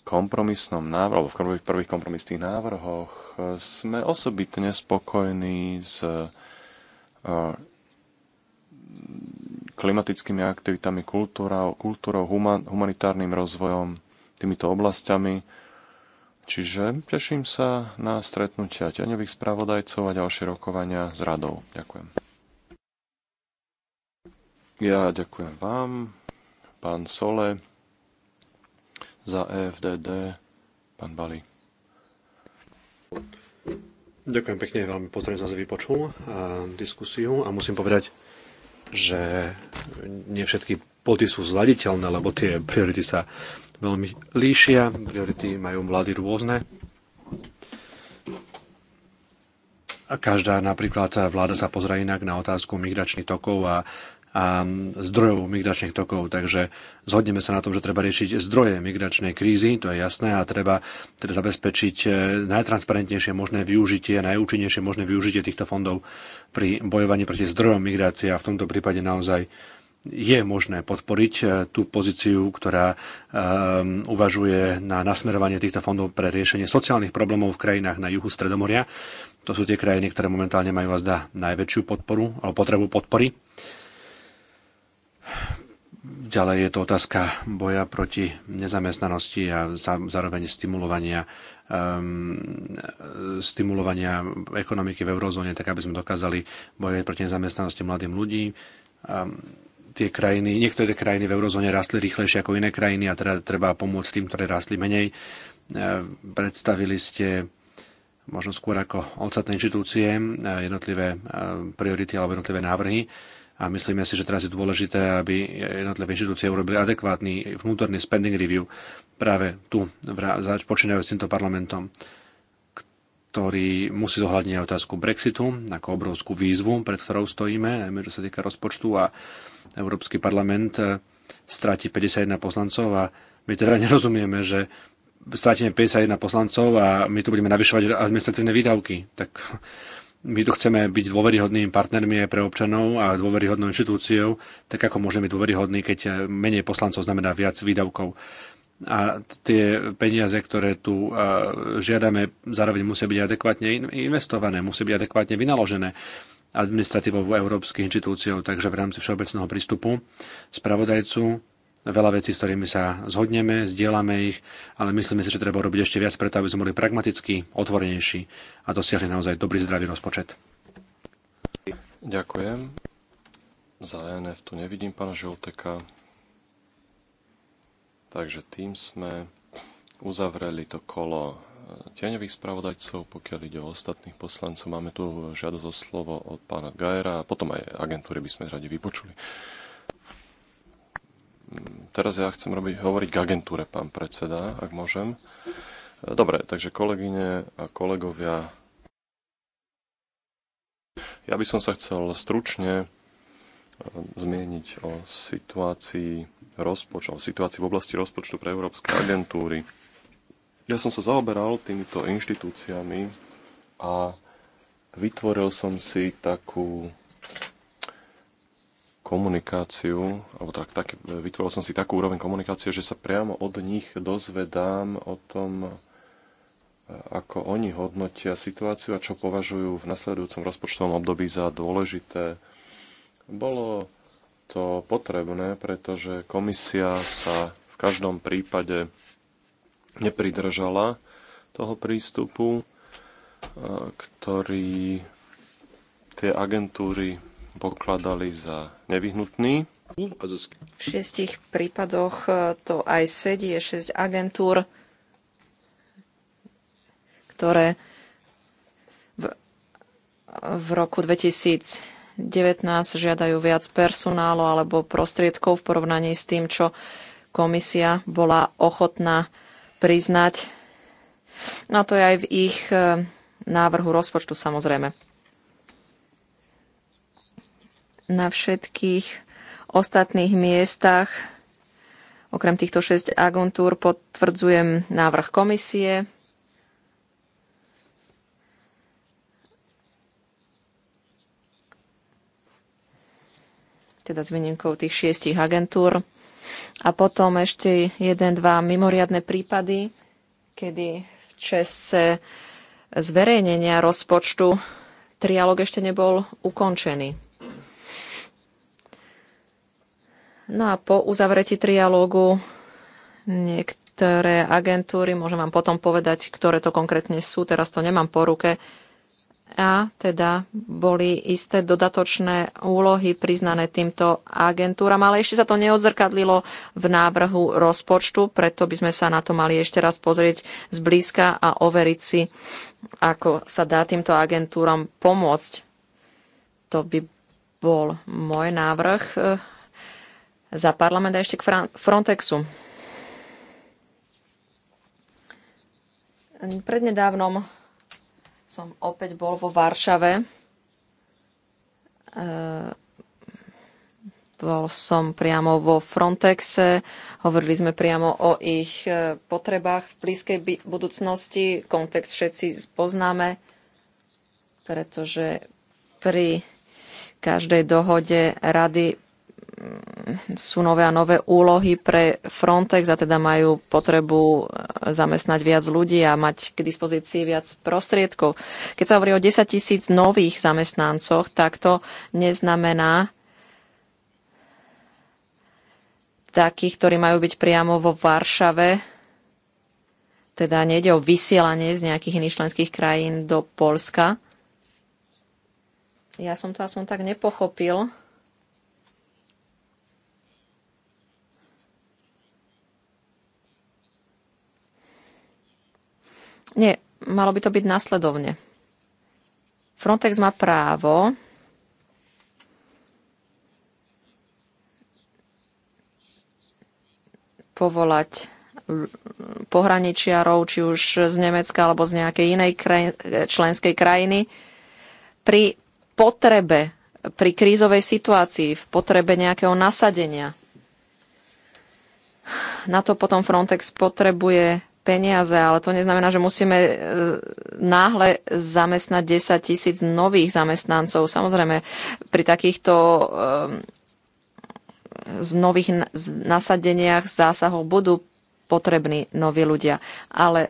Speaker 1: kompromisnom návrhu, alebo v prvých, prvých kompromisných návrhoch e, sme osobitne spokojní s e, klimatickými aktivitami, kultúrou, kultúrou human, humanitárnym rozvojom, týmito oblastiami. Čiže teším sa na stretnutia ťaňových spravodajcov a ďalšie rokovania s radou. Ďakujem. Ja ďakujem vám, pán Sole.
Speaker 3: Za EFDD pán Bali. Ďakujem pekne, veľmi pozorne som si vypočul a e, diskusiu a musím povedať, že nie všetky body sú zladiteľné, lebo tie priority sa veľmi líšia, priority majú vlády rôzne. A každá napríklad vláda sa pozrie inak na otázku migračných tokov a a zdrojov migračných tokov. Takže zhodneme sa na tom, že treba riešiť zdroje migračnej krízy, to je jasné, a treba teda zabezpečiť e, najtransparentnejšie možné využitie, najúčinnejšie možné využitie týchto fondov pri bojovaní proti zdrojom migrácie a v tomto prípade naozaj je možné podporiť e, tú pozíciu, ktorá um, uvažuje na nasmerovanie týchto fondov pre riešenie sociálnych problémov v krajinách na juhu Stredomoria. To sú tie krajiny, ktoré momentálne majú vás najväčšiu podporu alebo potrebu podpory. Ďalej je to otázka boja proti nezamestnanosti a zároveň stimulovania um, stimulovania ekonomiky v eurozóne, tak aby sme dokázali bojovať proti nezamestnanosti mladým ľudí. Um, tie krajiny, niektoré krajiny v eurozóne rastli rýchlejšie ako iné krajiny a teda treba pomôcť tým, ktoré rastli menej. Ehm, predstavili ste možno skôr ako ostatné inštitúcie jednotlivé priority alebo jednotlivé návrhy a myslíme si, že teraz je dôležité, aby jednotlivé inštitúcie urobili adekvátny vnútorný spending review práve tu, počínajúc s týmto parlamentom ktorý musí zohľadniť otázku Brexitu ako obrovskú výzvu, pred ktorou stojíme, najmä čo sa týka rozpočtu a Európsky parlament eh, stráti 51 poslancov a my teda nerozumieme, že strátime 51 poslancov a my tu budeme navyšovať administratívne výdavky. Tak my tu chceme byť dôveryhodnými partnermi aj pre občanov a dôveryhodnou inštitúciou, tak ako môžeme byť dôveryhodní, keď eh, menej poslancov znamená viac výdavkov. A tie peniaze, ktoré tu eh, žiadame, zároveň musia byť adekvátne investované, musia byť adekvátne vynaložené administratívou európskych inštitúciou, takže v rámci všeobecného prístupu spravodajcu veľa vecí, s ktorými sa zhodneme, zdieľame ich, ale myslíme si, že treba robiť ešte viac preto, aby sme boli pragmaticky, otvorenejší a dosiahli naozaj dobrý zdravý rozpočet.
Speaker 1: Ďakujem. Za ENF tu nevidím pána Žolteka. Takže tým sme uzavreli to kolo eh, tieňových spravodajcov, pokiaľ ide o ostatných poslancov. Máme tu žiadosť o slovo od pána Gajera a potom aj agentúry by sme radi vypočuli teraz ja chcem robiť, hovoriť k agentúre, pán predseda, ak môžem. Dobre, takže kolegyne a kolegovia, ja by som sa chcel stručne e, zmieniť o situácii rozpočtu, o situácii v oblasti rozpočtu pre európske agentúry. Ja som sa zaoberal týmito inštitúciami a vytvoril som si takú komunikáciu, alebo tak, tak, vytvoril som si takú úroveň komunikácie, že sa priamo od nich dozvedám o tom, e, ako oni hodnotia situáciu a čo považujú v nasledujúcom rozpočtovom období za dôležité. Bolo to potrebné, pretože komisia sa v každom prípade nepridržala toho prístupu, e, ktorý tie agentúry pokladali za nevyhnutný. V
Speaker 2: šiestich prípadoch e, to aj sedí, je šesť agentúr, ktoré v, v roku 2019 žiadajú viac personálu alebo prostriedkov v porovnaní s tým, čo komisia bola ochotná priznať. No to je aj v ich e, návrhu rozpočtu samozrejme na všetkých ostatných miestach. Okrem týchto 6 agentúr potvrdzujem návrh komisie. teda s výnimkou tých šiestich agentúr. A potom ešte jeden, dva mimoriadne prípady, kedy v čase zverejnenia rozpočtu trialog ešte nebol ukončený. No a po uzavretí trialógu niektoré agentúry, môžem vám potom povedať, ktoré to konkrétne sú, teraz to nemám po ruke, a teda boli isté dodatočné úlohy priznané týmto agentúram, ale ešte sa to neodzrkadlilo v návrhu rozpočtu, preto by sme sa na to mali ešte raz pozrieť zblízka a overiť si, ako sa dá týmto agentúram pomôcť. To by bol môj návrh za parlament a ešte k Frontexu. Prednedávnom som opäť bol vo Varšave. E, bol som priamo vo Frontexe, hovorili sme priamo o ich e, potrebách v blízkej budúcnosti. Kontext všetci poznáme, pretože pri každej dohode rady sú nové a nové úlohy pre Frontex a teda majú potrebu e, zamestnať viac ľudí a mať k dispozícii viac prostriedkov. Keď sa hovorí o 10 tisíc nových zamestnancoch, tak to neznamená takých, ktorí majú byť priamo vo Varšave, teda nejde o vysielanie z nejakých iných členských krajín do Polska. Ja som to aspoň tak nepochopil. Nie, malo by to byť následovne. Frontex má právo povolať pohraničiarov, či už z Nemecka alebo z nejakej inej kraj- členskej krajiny, pri potrebe, pri krízovej situácii, v potrebe nejakého nasadenia. Na to potom Frontex potrebuje peniaze, ale to neznamená, že musíme e, náhle zamestnať 10 tisíc nových zamestnancov. Samozrejme, pri takýchto ehm, z nových nasadeniach zásahov budú potrební noví ľudia. Ale e,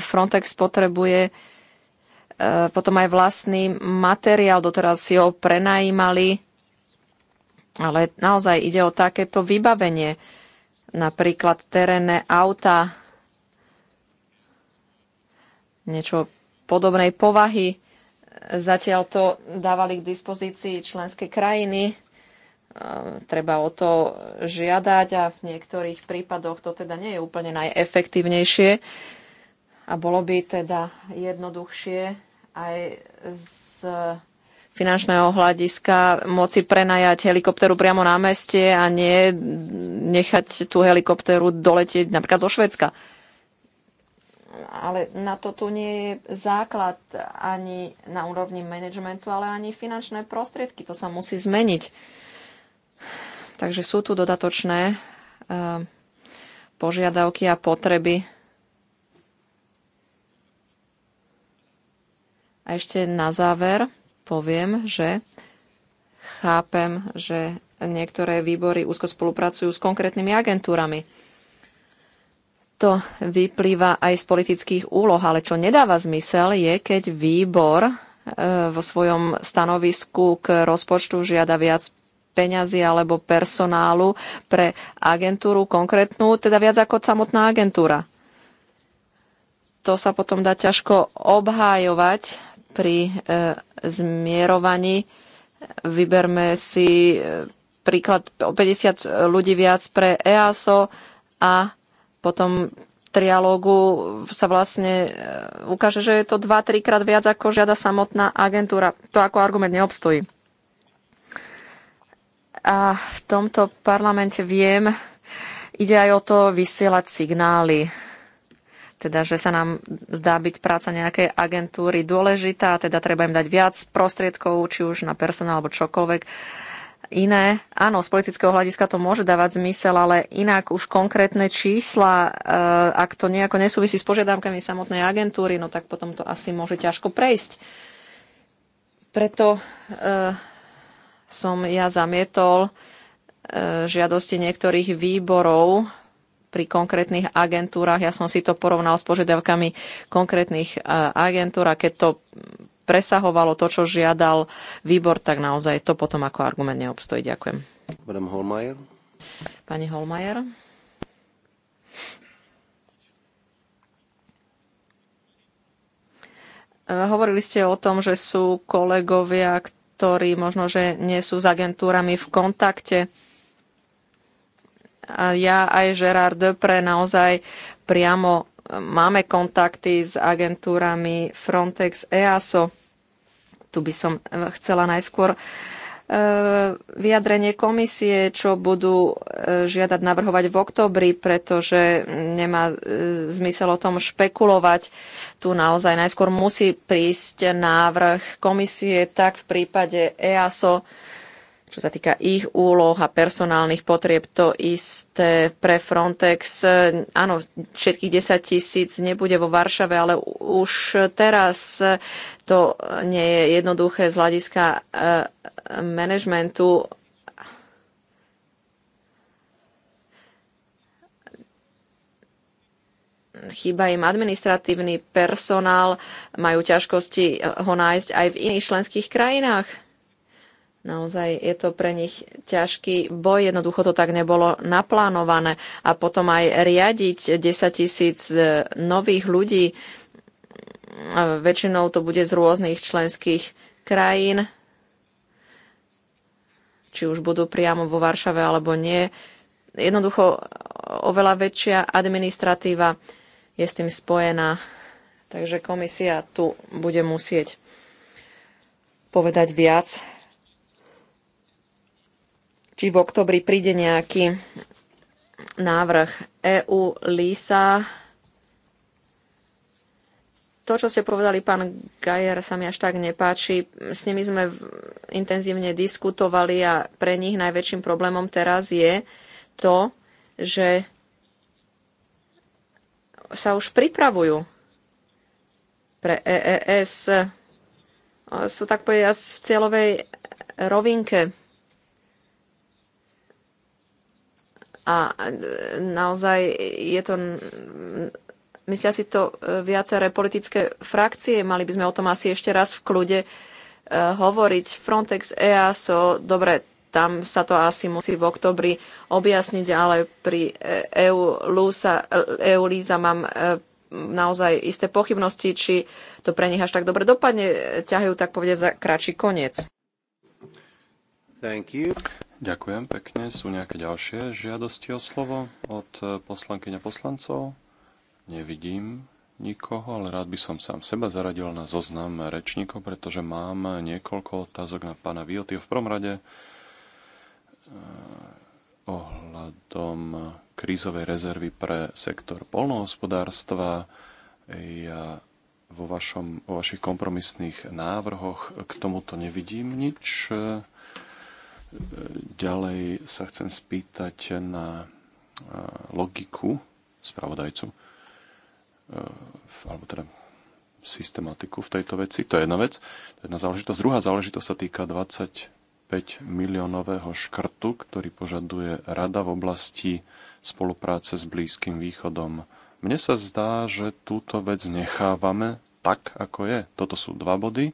Speaker 2: Frontex potrebuje e, potom aj vlastný materiál, doteraz si ho prenajímali, ale naozaj ide o takéto vybavenie, napríklad terénne auta, niečo podobnej povahy. Zatiaľ to dávali k dispozícii členské krajiny. Ehm, treba o to žiadať a v niektorých prípadoch to teda nie je úplne najefektívnejšie. A bolo by teda jednoduchšie aj z finančného hľadiska moci prenajať helikopteru priamo na meste a nie nechať tú helikopteru doletieť napríklad zo Švedska ale na to tu nie je základ ani na úrovni managementu, ale ani finančné prostriedky. To sa musí zmeniť. Takže sú tu dodatočné eh, požiadavky a potreby. A ešte na záver poviem, že chápem, že niektoré výbory úzko spolupracujú s konkrétnymi agentúrami to vyplýva aj z politických úloh, ale čo nedáva zmysel je, keď výbor e, vo svojom stanovisku k rozpočtu žiada viac peňazí alebo personálu pre agentúru konkrétnu, teda viac ako samotná agentúra. To sa potom dá ťažko obhájovať pri e, zmierovaní. Vyberme si e, príklad o 50 ľudí viac pre EASO a potom trialógu sa vlastne e, ukáže, že je to 2-3 krát viac, ako žiada samotná agentúra. To ako argument neobstojí. A v tomto parlamente viem, ide aj o to vysielať signály. Teda, že sa nám zdá byť práca nejakej agentúry dôležitá, teda treba im dať viac prostriedkov, či už na personál alebo čokoľvek iné, áno, z politického hľadiska to môže dávať zmysel, ale inak už konkrétne čísla, eh, ak to nejako nesúvisí s požiadavkami samotnej agentúry, no tak potom to asi môže ťažko prejsť. Preto eh, som ja zamietol eh, žiadosti niektorých výborov pri konkrétnych agentúrach. Ja som si to porovnal s požiadavkami konkrétnych agentúr a keď to presahovalo to, čo žiadal výbor, tak naozaj to potom ako argument neobstojí. Ďakujem. Holmeier. Pani Holmajer. E, hovorili ste o tom, že sú kolegovia, ktorí možno, že nie sú s agentúrami v kontakte. A ja aj Gerard Depre naozaj priamo e, máme kontakty s agentúrami Frontex EASO tu by som e, chcela najskôr e, vyjadrenie komisie, čo budú e, žiadať navrhovať v oktobri, pretože nemá zmysel o tom špekulovať. Tu naozaj najskôr musí prísť návrh komisie, tak v prípade EASO, čo sa týka ich úloh a personálnych potrieb, to isté pre Frontex. Áno, všetkých 10 tisíc nebude vo Varšave, ale už teraz to nie je jednoduché z hľadiska e, manažmentu. Chýba im administratívny personál, majú ťažkosti e, ho nájsť aj v iných členských krajinách. Naozaj je to pre nich ťažký boj, jednoducho to tak nebolo naplánované. A potom aj riadiť 10 tisíc e, nových ľudí, väčšinou to bude z rôznych členských krajín, či už budú priamo vo Varšave alebo nie. Jednoducho oveľa väčšia administratíva je s tým spojená, takže komisia tu bude musieť povedať viac. Či v oktobri príde nejaký návrh EU LISA to, čo ste povedali, pán Gajer, sa mi až tak nepáči. S nimi sme intenzívne diskutovali a pre nich najväčším problémom teraz je to, že sa už pripravujú pre EES. Sú tak povedať v cieľovej rovinke. A naozaj je to Myslia si to e, viaceré politické frakcie. Mali by sme o tom asi ešte raz v kľude e, hovoriť. Frontex, EASO, dobre, tam sa to asi musí v oktobri objasniť, ale pri EU e EU mám naozaj isté pochybnosti, či to pre nich až tak dobre dopadne. Ťahajú tak povedať za kratší koniec.
Speaker 1: Thank you. Ďakujem pekne. Sú nejaké ďalšie žiadosti o slovo od poslankyňa poslancov? Nevidím nikoho, ale rád by som sám seba zaradil na zoznam rečníkov, pretože mám niekoľko otázok na pána Vioty. V prvom rade eh, ohľadom krízovej rezervy pre sektor polnohospodárstva. Ja vo, vašom, vo vašich kompromisných návrhoch k tomuto nevidím nič. Ďalej sa chcem spýtať na eh, logiku spravodajcu alebo teda systematiku v tejto veci. To je jedna vec, to je jedna záležitosť. Druhá záležitosť sa týka 25 miliónového škrtu, ktorý požaduje rada v oblasti spolupráce s Blízkym východom. Mne sa zdá, že túto vec nechávame tak, ako je. Toto sú dva body,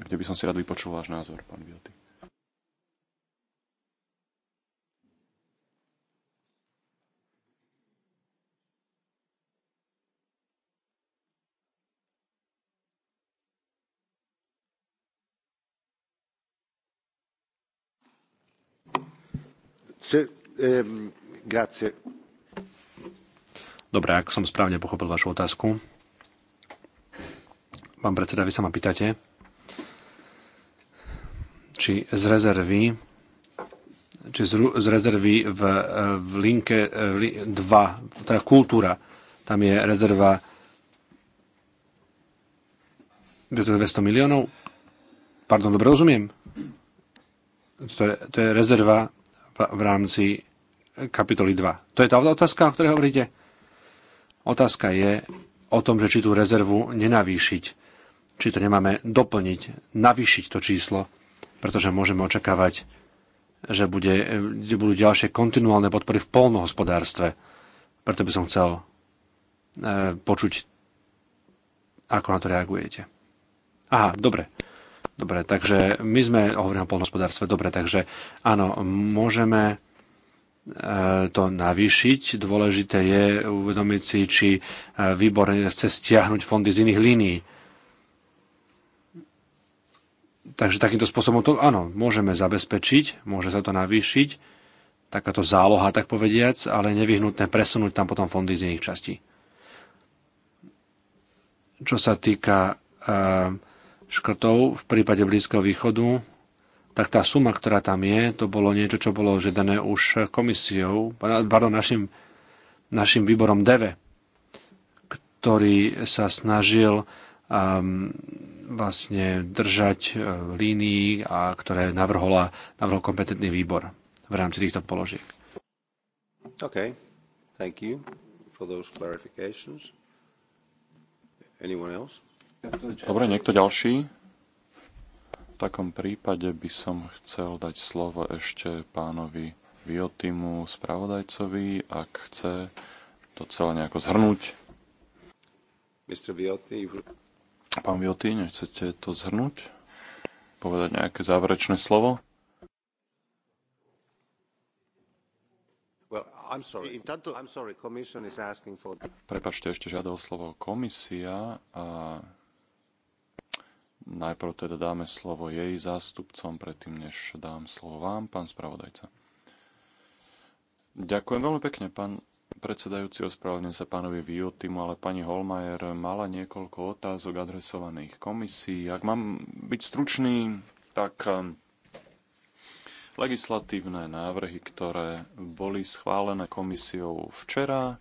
Speaker 1: kde by som si rád vypočul váš názor, pán Vioty.
Speaker 3: Dobre, ak som správne pochopil vašu otázku. Pán predseda, vy sa ma pýtate, či z rezervy či z, z rezervy v, v linke 2, teda kultúra, tam je rezerva 200 miliónov. Pardon, dobre rozumiem? To je, to je rezerva v rámci e, kapitoly 2. To je tá otázka, o ktorej hovoríte? Otázka je o tom, že či tú rezervu nenavýšiť, či to nemáme doplniť, navýšiť to číslo, pretože môžeme očakávať, že, bude, že budú ďalšie kontinuálne podpory v polnohospodárstve. Preto by som chcel e, počuť, ako na to reagujete. Aha, dobre. Dobre, takže my sme, hovorím o polnohospodárstve, dobre, takže áno, môžeme e, to navýšiť. Dôležité je uvedomiť si, či e, výbor chce stiahnuť fondy z iných línií. Takže takýmto spôsobom to, áno, môžeme zabezpečiť, môže sa to navýšiť, takáto záloha, tak povediac, ale nevyhnutné presunúť tam potom fondy z iných častí. Čo sa týka uh, škrtov v prípade Blízkeho východu, tak tá suma, ktorá tam je, to bolo niečo, čo bolo žiadané už komisiou, pardon, našim, našim výborom DEVE, ktorý sa snažil um, vlastne držať uh, línii, a ktoré navrhola, navrhol kompetentný výbor v rámci týchto položiek. OK, thank you for those clarifications. Anyone else? Dobre, niekto
Speaker 1: ďalší? V takom prípade by som chcel dať slovo ešte pánovi Viotimu, spravodajcovi, ak chce to celé nejako zhrnúť. Pán Vioti, nechcete to zhrnúť? Povedať nejaké záverečné slovo? Prepačte, ešte žiadal slovo komisia a Najprv teda dáme slovo jej zástupcom, predtým než dám slovo vám, pán spravodajca. Ďakujem veľmi pekne, pán predsedajúci, ospravedlňujem sa pánovi Viotimu, ale pani Holmajer mala niekoľko otázok adresovaných komisii. Ak mám byť stručný, tak um, legislatívne návrhy, ktoré boli schválené komisiou včera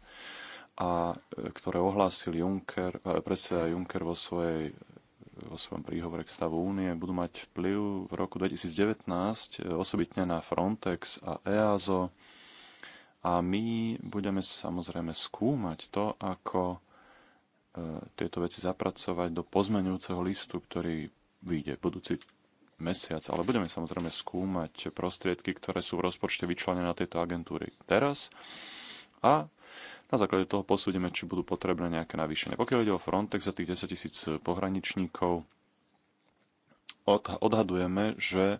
Speaker 1: a e, ktoré ohlásil Juncker, e, predseda Juncker vo svojej vo svojom príhovore k stavu únie budú mať vplyv v roku 2019 e, osobitne na Frontex a EASO. A my budeme samozrejme skúmať to, ako e, tieto veci zapracovať do pozmenujúceho listu, ktorý vyjde budúci mesiac, ale budeme samozrejme skúmať prostriedky, ktoré sú v rozpočte vyčlenené na tejto agentúry teraz a na základe toho posúdime, či budú potrebné nejaké navýšenie. Pokiaľ ide o Frontex a tých 10 tisíc e, pohraničníkov, odhadujeme, že e,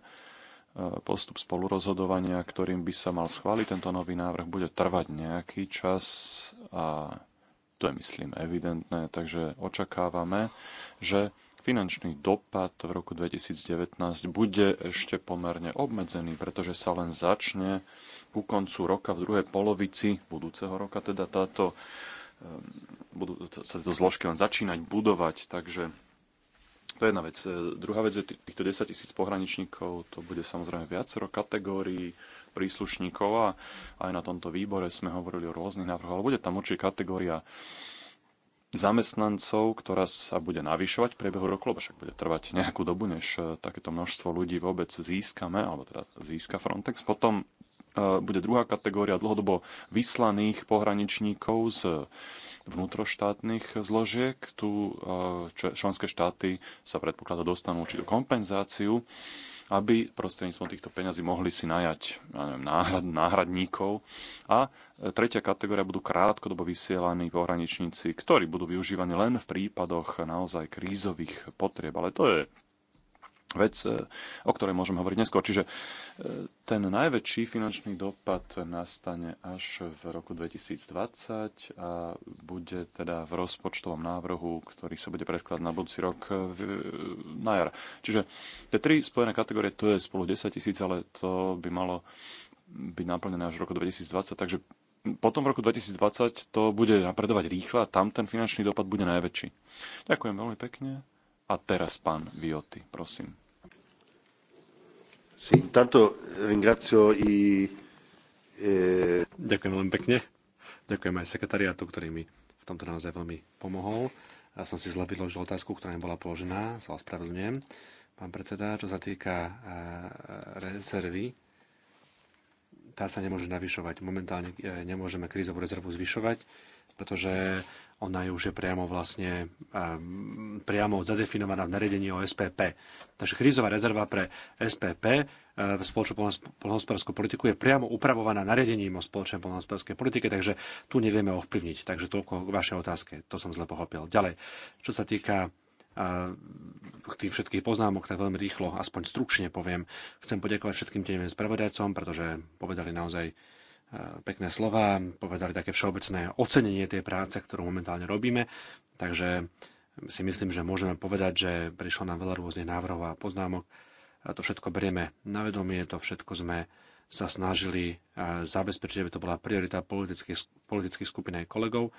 Speaker 1: postup spolurozhodovania, ktorým by sa mal schváliť tento nový návrh, bude trvať nejaký čas a to je, myslím, evidentné. Takže očakávame, že finančný dopad v roku 2019 bude ešte pomerne obmedzený, pretože sa len začne ku koncu roka, v druhej polovici budúceho roka, teda táto, ehm, budú sa tieto zložky len začínať budovať, takže to je jedna vec. E, druhá vec je týchto 10 tisíc pohraničníkov, to bude samozrejme viacero kategórií príslušníkov a aj na tomto výbore sme hovorili o rôznych návrhoch, ale bude tam určite kategória zamestnancov, ktorá sa bude navyšovať v priebehu roku, lebo však bude trvať nejakú dobu, než e, takéto množstvo ľudí vôbec získame, alebo teda získa Frontex. Potom bude druhá kategória dlhodobo vyslaných pohraničníkov z vnútroštátnych zložiek. Tu členské štáty sa predpokladá dostanú určitú kompenzáciu, aby prostredníctvom týchto peňazí mohli si najať ja neviem, náhrad, náhradníkov. A tretia kategória budú krátkodobo vysielaní pohraničníci, ktorí budú využívaní len v prípadoch naozaj krízových potrieb. Ale to je vec, e, o ktorej môžem hovoriť neskôr. Čiže e, ten najväčší finančný dopad nastane až v roku 2020 a bude teda v rozpočtovom návrhu, ktorý sa bude predkladať na budúci rok e, na jar. Čiže tie tri spojené kategórie, to je spolu 10 tisíc, ale to by malo byť naplnené až v roku 2020, takže potom v roku 2020 to bude napredovať rýchlo a tam ten finančný dopad bude najväčší. Ďakujem veľmi pekne. A teraz pán Vioty, prosím.
Speaker 3: Sí, tanto ringrazio i... Eh, Ďakujem veľmi pekne. Ďakujem aj sekretariátu, ktorý mi v tomto naozaj veľmi pomohol. Ja som si zle vyložil otázku, ktorá mi bola položená, sa ospravedlňujem. Pán predseda, čo sa týka eh, rezervy, tá sa nemôže navyšovať. Momentálne eh, nemôžeme krízovú rezervu zvyšovať, pretože ona je už je priamo vlastne priamo zadefinovaná v nariadení o SPP. Takže krízová rezerva pre SPP eh, spoločnú poľnohospodárskú politiku je priamo upravovaná nariadením o spoločnej poľnohospodárskej politike, takže tu nevieme ovplyvniť. Takže toľko k vašej otázke, to som zle pochopil. Ďalej, čo sa týka a eh, tých všetkých poznámok, tak veľmi rýchlo, aspoň stručne poviem. Chcem poďakovať všetkým tým spravodajcom, pretože povedali naozaj pekné slova, povedali také všeobecné ocenenie tej práce, ktorú momentálne robíme. Takže si myslím, že môžeme povedať, že prišlo nám veľa rôznych návrhov a poznámok. A to všetko berieme na vedomie, to všetko sme sa snažili zabezpečiť, aby to bola priorita politických, politických skupín aj kolegov.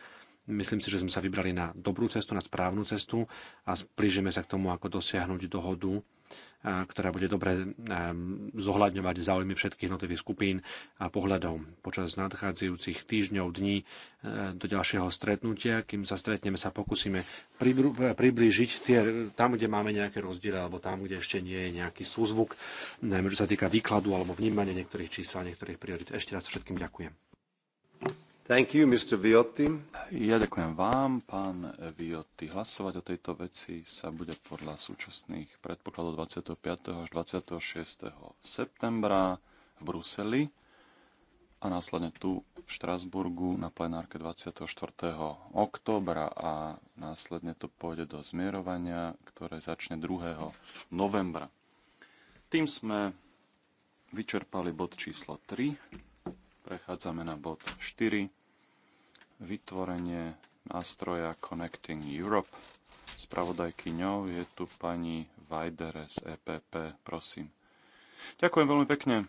Speaker 3: Myslím si, že sme sa vybrali na dobrú cestu, na správnu cestu a blížime sa k tomu, ako dosiahnuť dohodu ktorá bude dobre zohľadňovať záujmy všetkých jednotlivých skupín a pohľadov. Počas nadchádzajúcich týždňov, dní e, do ďalšieho stretnutia, kým sa stretneme, sa pokúsime priblížiť tie, tam, kde máme nejaké rozdiely alebo tam, kde ešte nie je nejaký súzvuk, najmä čo sa týka výkladu alebo vnímania niektorých čísel, niektorých priorit. Ešte raz všetkým ďakujem.
Speaker 1: Thank you, Mr. Viotti. Ja ďakujem vám, pán Viotti. Hlasovať o tejto veci sa bude podľa súčasných predpokladov 25. až 26. septembra v Bruseli a následne tu v Štrasburgu na plenárke 24. októbra a následne to pôjde do zmierovania, ktoré začne 2. novembra. Tým sme vyčerpali bod číslo 3 Prechádzame na bod 4. Vytvorenie nástroja Connecting Europe. Spravodajkyňou je tu pani Vajdere z EPP. Prosím. Ďakujem veľmi pekne.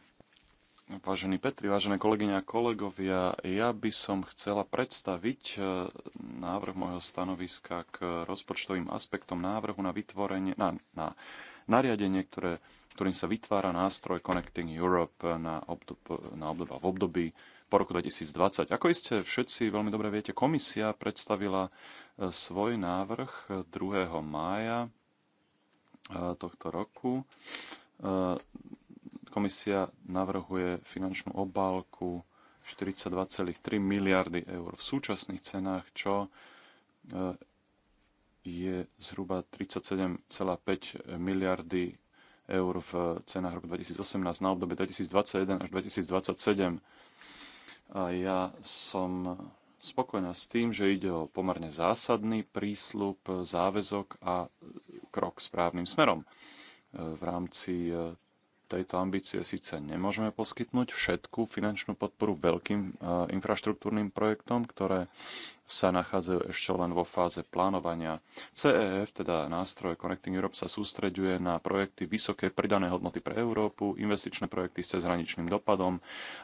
Speaker 1: Vážený Petri, vážené kolegyne a kolegovia, ja by som chcela predstaviť e, návrh môjho stanoviska k rozpočtovým aspektom návrhu na vytvorenie, na, na nariadenie, ktoré, ktorým sa vytvára nástroj Connecting Europe na, obdob, na obdoba, v období po roku 2020. Ako iste všetci veľmi dobre viete, komisia predstavila e, svoj návrh 2. mája e, tohto roku. E, komisia navrhuje finančnú obálku 42,3 miliardy eur v súčasných cenách, čo je zhruba 37,5 miliardy eur v cenách roku 2018 na obdobie 2021 až 2027. A ja som spokojná s tým, že ide o pomerne zásadný prísľub, záväzok a krok správnym smerom v rámci tejto ambície síce nemôžeme poskytnúť všetku finančnú podporu veľkým e, infraštruktúrnym projektom, ktoré sa nachádzajú ešte len vo fáze plánovania. CEF, teda nástroj Connecting Europe, sa sústreďuje na projekty vysokej pridané hodnoty pre Európu, investičné projekty s cezhraničným dopadom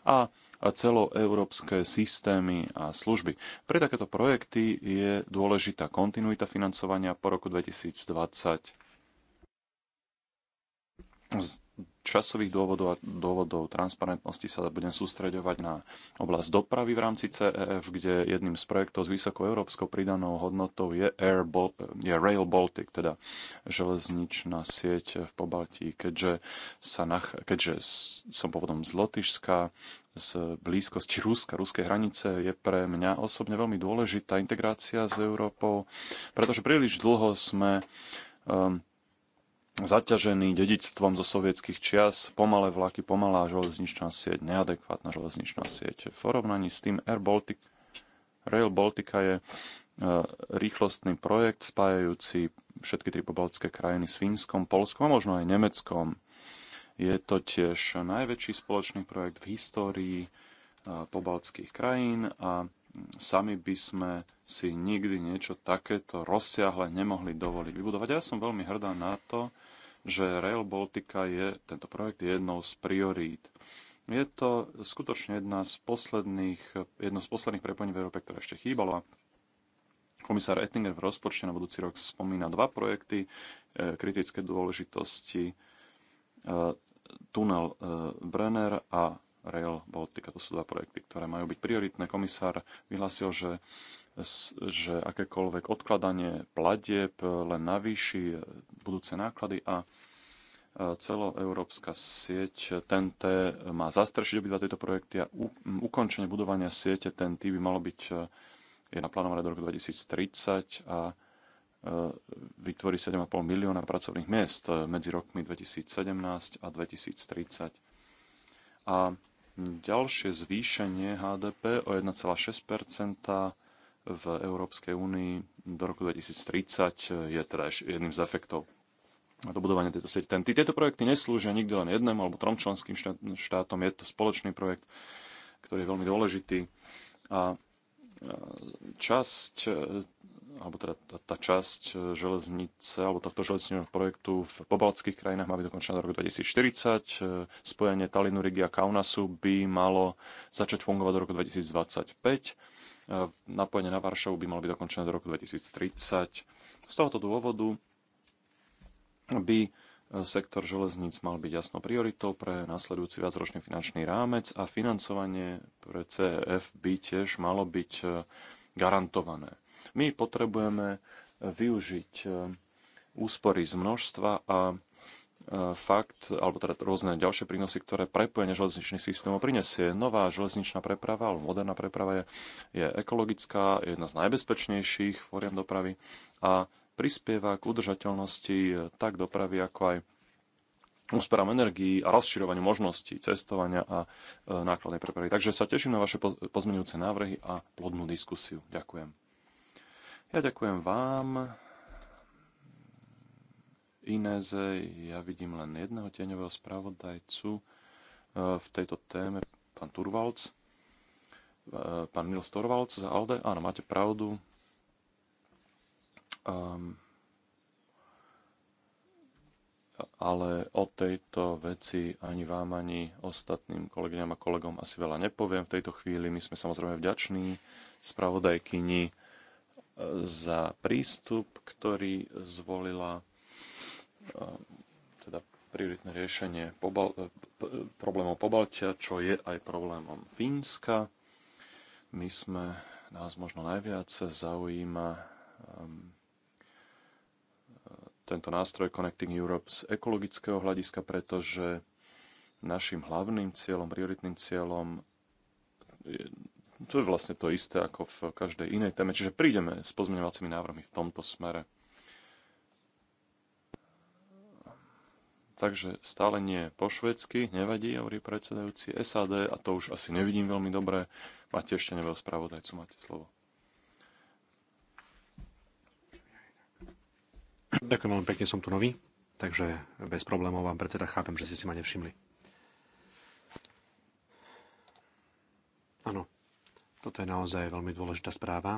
Speaker 1: a celoeurópske systémy a služby. Pre takéto projekty je dôležitá kontinuita financovania po roku 2020 časových dôvodov a dôvodov transparentnosti sa budem sústreďovať na oblasť dopravy v rámci CEF, kde jedným z projektov s vysokou európskou pridanou hodnotou je, Air Bol- je Rail Baltic, teda železničná sieť v Pobaltí. Keďže, sa nach- keďže som pôvodom z Lotyšska, z blízkosti Ruska, ruskej hranice je pre mňa osobne veľmi dôležitá integrácia s Európou, pretože príliš dlho sme um, zaťažený dedičstvom zo sovietských čias, pomalé vlaky, pomalá železničná sieť, neadekvátna železničná sieť. V porovnaní s tým Air Baltic, Rail Baltica je e, rýchlostný projekt spájajúci všetky tri pobaltské krajiny s Fínskom, Polskom a možno aj Nemeckom. Je to tiež najväčší spoločný projekt v histórii e, pobaltských krajín a sami by sme si nikdy niečo takéto rozsiahle nemohli dovoliť vybudovať. Ja som veľmi hrdá na to, že Rail Baltica je, tento projekt jednou z priorít. Je to skutočne jedna z posledných, jedno z posledných prepojení v Európe, ktoré ešte chýbalo. Komisár Ettinger v rozpočte na budúci rok spomína dva projekty e, kritické dôležitosti, e, tunel e, Brenner a Rail Baltica. To sú dva projekty, ktoré majú byť prioritné. Komisár vyhlásil, že že akékoľvek odkladanie platieb len navýši budúce náklady a e, celoeurópska sieť TNT má zastrešiť obidva tieto projekty a ukončenie budovania siete TNT by malo byť e, je naplánované do roku 2030 a e, vytvorí 7,5 milióna pracovných miest medzi rokmi 2017 a 2030. A ďalšie zvýšenie HDP o 1,6 v Európskej únii do roku 2030 je teda jedným z efektov na dobudovanie tejto siete. Tieto projekty neslúžia nikdy len jednému alebo trom členským štátom. Je to spoločný projekt, ktorý je veľmi dôležitý. A časť alebo teda tá, tá časť e, železnice, alebo tohto železničného projektu v pobaltských krajinách má byť dokončená do roku 2040. E, spojenie Talinu, Rigi a Kaunasu by malo začať fungovať do roku 2025. E, napojenie na Varšavu by malo byť dokončené do roku 2030. Z tohoto dôvodu by sektor železníc mal byť jasnou prioritou pre nasledujúci viacročný finančný rámec a financovanie pre CEF by tiež malo byť garantované. My potrebujeme eh, využiť eh, úspory z množstva a eh, fakt, alebo teda rôzne ďalšie prínosy, ktoré prepojenie železničných systémov prinesie. Nová železničná preprava alebo moderná preprava je, je ekologická, je jedna z najbezpečnejších fóriem dopravy a prispieva k udržateľnosti tak dopravy, ako aj úsporám energií a rozširovaniu možností cestovania a nákladnej prepravy. Takže sa teším na vaše pozmenujúce návrhy a plodnú diskusiu. Ďakujem. Ja ďakujem vám. Inéze, ja vidím len jedného tieňového spravodajcu e, v tejto téme, pán Turvalc, e, pán Nils Torvalc za Alde. Áno, máte pravdu. Um, ale o tejto veci ani vám, ani ostatným kolegyňam a kolegom asi veľa nepoviem v tejto chvíli. My sme samozrejme vďační spravodajkyni za prístup, ktorý zvolila e, teda prioritné riešenie pobal- e, problémov Pobaltia, čo je aj problémom Fínska. My sme, nás možno najviac zaujíma um, tento nástroj Connecting Europe z ekologického hľadiska, pretože našim hlavným cieľom, prioritným cieľom to je vlastne to isté ako v každej inej téme, čiže prídeme s pozmeňovacími návrhmi v tomto smere. Takže stále nie po švedsky, nevadí, hovorí predsedajúci SAD a to už asi nevidím veľmi dobre. Máte ešte nebeho spravodajcu, máte slovo.
Speaker 3: Ďakujem veľmi pekne, som tu nový, takže bez problémov vám predseda chápem, že ste si ma nevšimli. Áno, toto je naozaj veľmi dôležitá správa.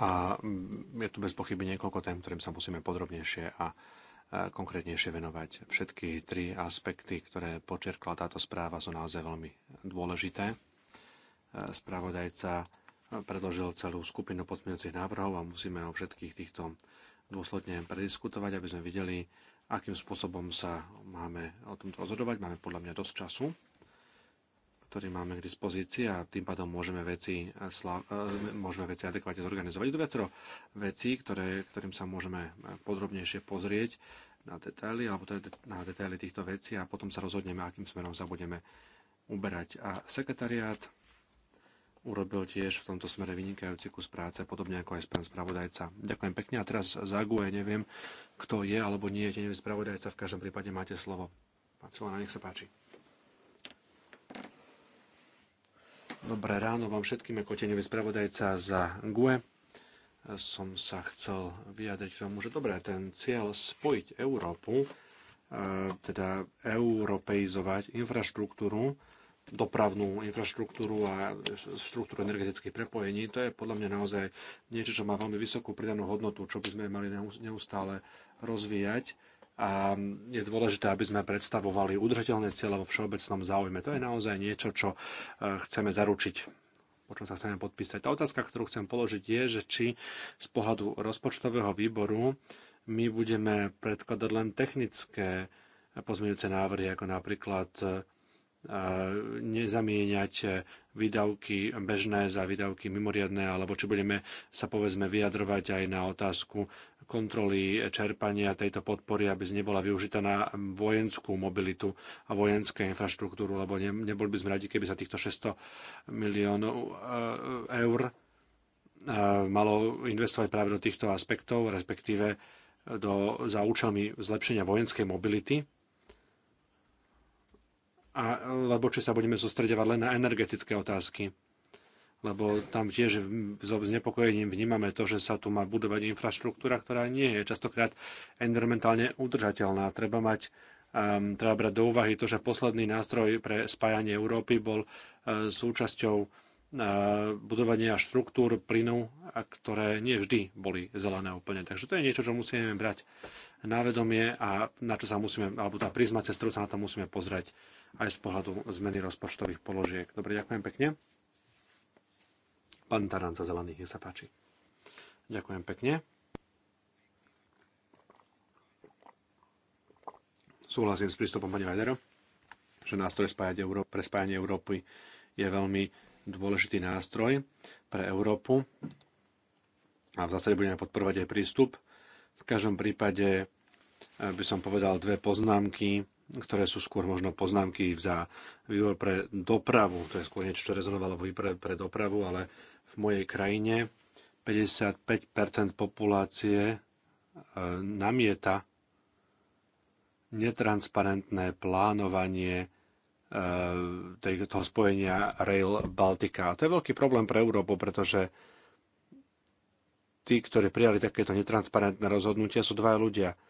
Speaker 3: A mm, je tu bez pochyby niekoľko tém, ktorým sa musíme podrobnejšie a konkrétnejšie venovať. Všetky tri aspekty, ktoré počerkla táto správa, sú naozaj veľmi dôležité. E, Spravodajca predložil celú skupinu pozmeňujúcich návrhov a musíme o všetkých týchto dôsledne prediskutovať, aby sme videli, akým spôsobom sa máme o tomto rozhodovať. Máme podľa mňa dosť času ktorý máme k dispozícii a tým pádom môžeme veci, eh, eh, môžeme veci adekvátne zorganizovať. Je to viacero vecí, ktoré, ktorým sa môžeme eh, podrobnejšie pozrieť na detaily alebo teda na detaily týchto vecí a potom sa rozhodneme, akým smerom sa budeme uberať. A sekretariát urobil tiež v tomto smere vynikajúci kus práce, podobne ako aj pán spravodajca. Ďakujem pekne a teraz za GUE neviem, kto je alebo nie je tenevý spravodajca, v každom prípade máte slovo. Pán Silana, nech sa páči. Dobré ráno vám všetkým ako tenevý spravodajca za GUE. Som sa chcel vyjadriť k tomu, že dobré, ten cieľ spojiť Európu, e, teda europeizovať infraštruktúru, dopravnú infraštruktúru a štruktúru energetických prepojení. To je podľa mňa naozaj niečo, čo má veľmi vysokú pridanú hodnotu, čo by sme mali neustále rozvíjať a je dôležité, aby sme predstavovali udržateľné cieľe vo všeobecnom záujme. To je naozaj niečo, čo e, chceme zaručiť po čom sa chceme podpísať. Tá otázka, ktorú chcem položiť, je, že či z pohľadu rozpočtového výboru my budeme predkladať len technické pozmeňujúce návrhy, ako napríklad e, nezamieňať výdavky bežné za výdavky mimoriadné, alebo či budeme sa povedzme vyjadrovať aj na otázku kontroly čerpania tejto podpory, aby nebola využitá na vojenskú mobilitu a vojenské infraštruktúru, lebo ne, neboli by sme radi, keby sa týchto 600 miliónov e, eur e, malo investovať práve do týchto aspektov, respektíve do, za účelmi zlepšenia vojenskej mobility alebo či sa budeme sústredovať len na energetické otázky. Lebo tam tiež s znepokojením vnímame to, že sa tu má budovať infraštruktúra, ktorá nie je častokrát environmentálne udržateľná. Treba mať um, treba brať do úvahy to, že posledný nástroj pre spájanie Európy bol uh, súčasťou uh, budovania štruktúr plynu, a ktoré nie vždy boli zelené úplne. Takže to je niečo, čo musíme brať na vedomie a na čo sa musíme, alebo tá prizma, cez ktorú sa na to musíme pozrieť aj z pohľadu zmeny rozpočtových položiek. Dobre, ďakujem pekne. Pán Taran za zelených, nech sa páči. Ďakujem pekne. Súhlasím s prístupom pani Vajdero, že nástroj pre spájanie Európy je veľmi dôležitý nástroj pre Európu a v zásade budeme podporovať aj prístup. V každom prípade eh, by som povedal dve poznámky ktoré sú skôr možno poznámky za výbor pre dopravu, to je skôr niečo, čo rezonovalo v pre dopravu, ale v mojej krajine 55% populácie e, namieta netransparentné plánovanie e, toho spojenia Rail Baltica. A to je veľký problém pre Európu, pretože tí, ktorí prijali takéto netransparentné rozhodnutia, sú dva ľudia –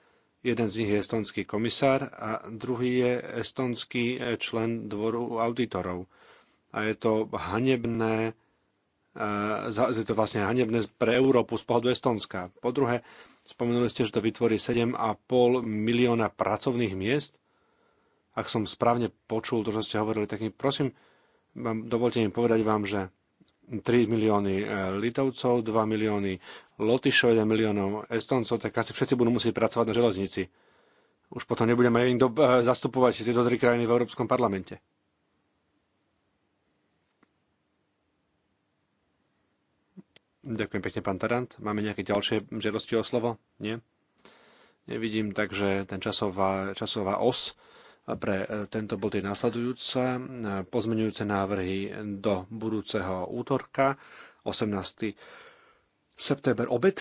Speaker 3: Jeden z nich je estonský komisár a druhý je estonský e, člen dvoru auditorov. A je to hanebné, e, je to vlastne hanebné pre Európu z pohľadu Estonska. Po druhé, spomenuli ste, že to vytvorí 7,5 milióna pracovných miest. Ak som správne počul to, čo ste hovorili, tak mi prosím, dovolte mi povedať vám, že 3 milióny e, Litovcov, 2 milióny Lotyšov, 1 miliónov Estoncov, tak asi všetci budú musieť pracovať na železnici. Už potom nebudeme im do, e, zastupovať tieto tri krajiny v Európskom parlamente. Ďakujem pekne, pán Tarant. Máme nejaké ďalšie žiadosti o slovo? Nie? Nevidím, takže ten časová, časová os pre e, tento bod je nasledujúca. E, Pozmenujúce návrhy do budúceho útorka, 18. september obed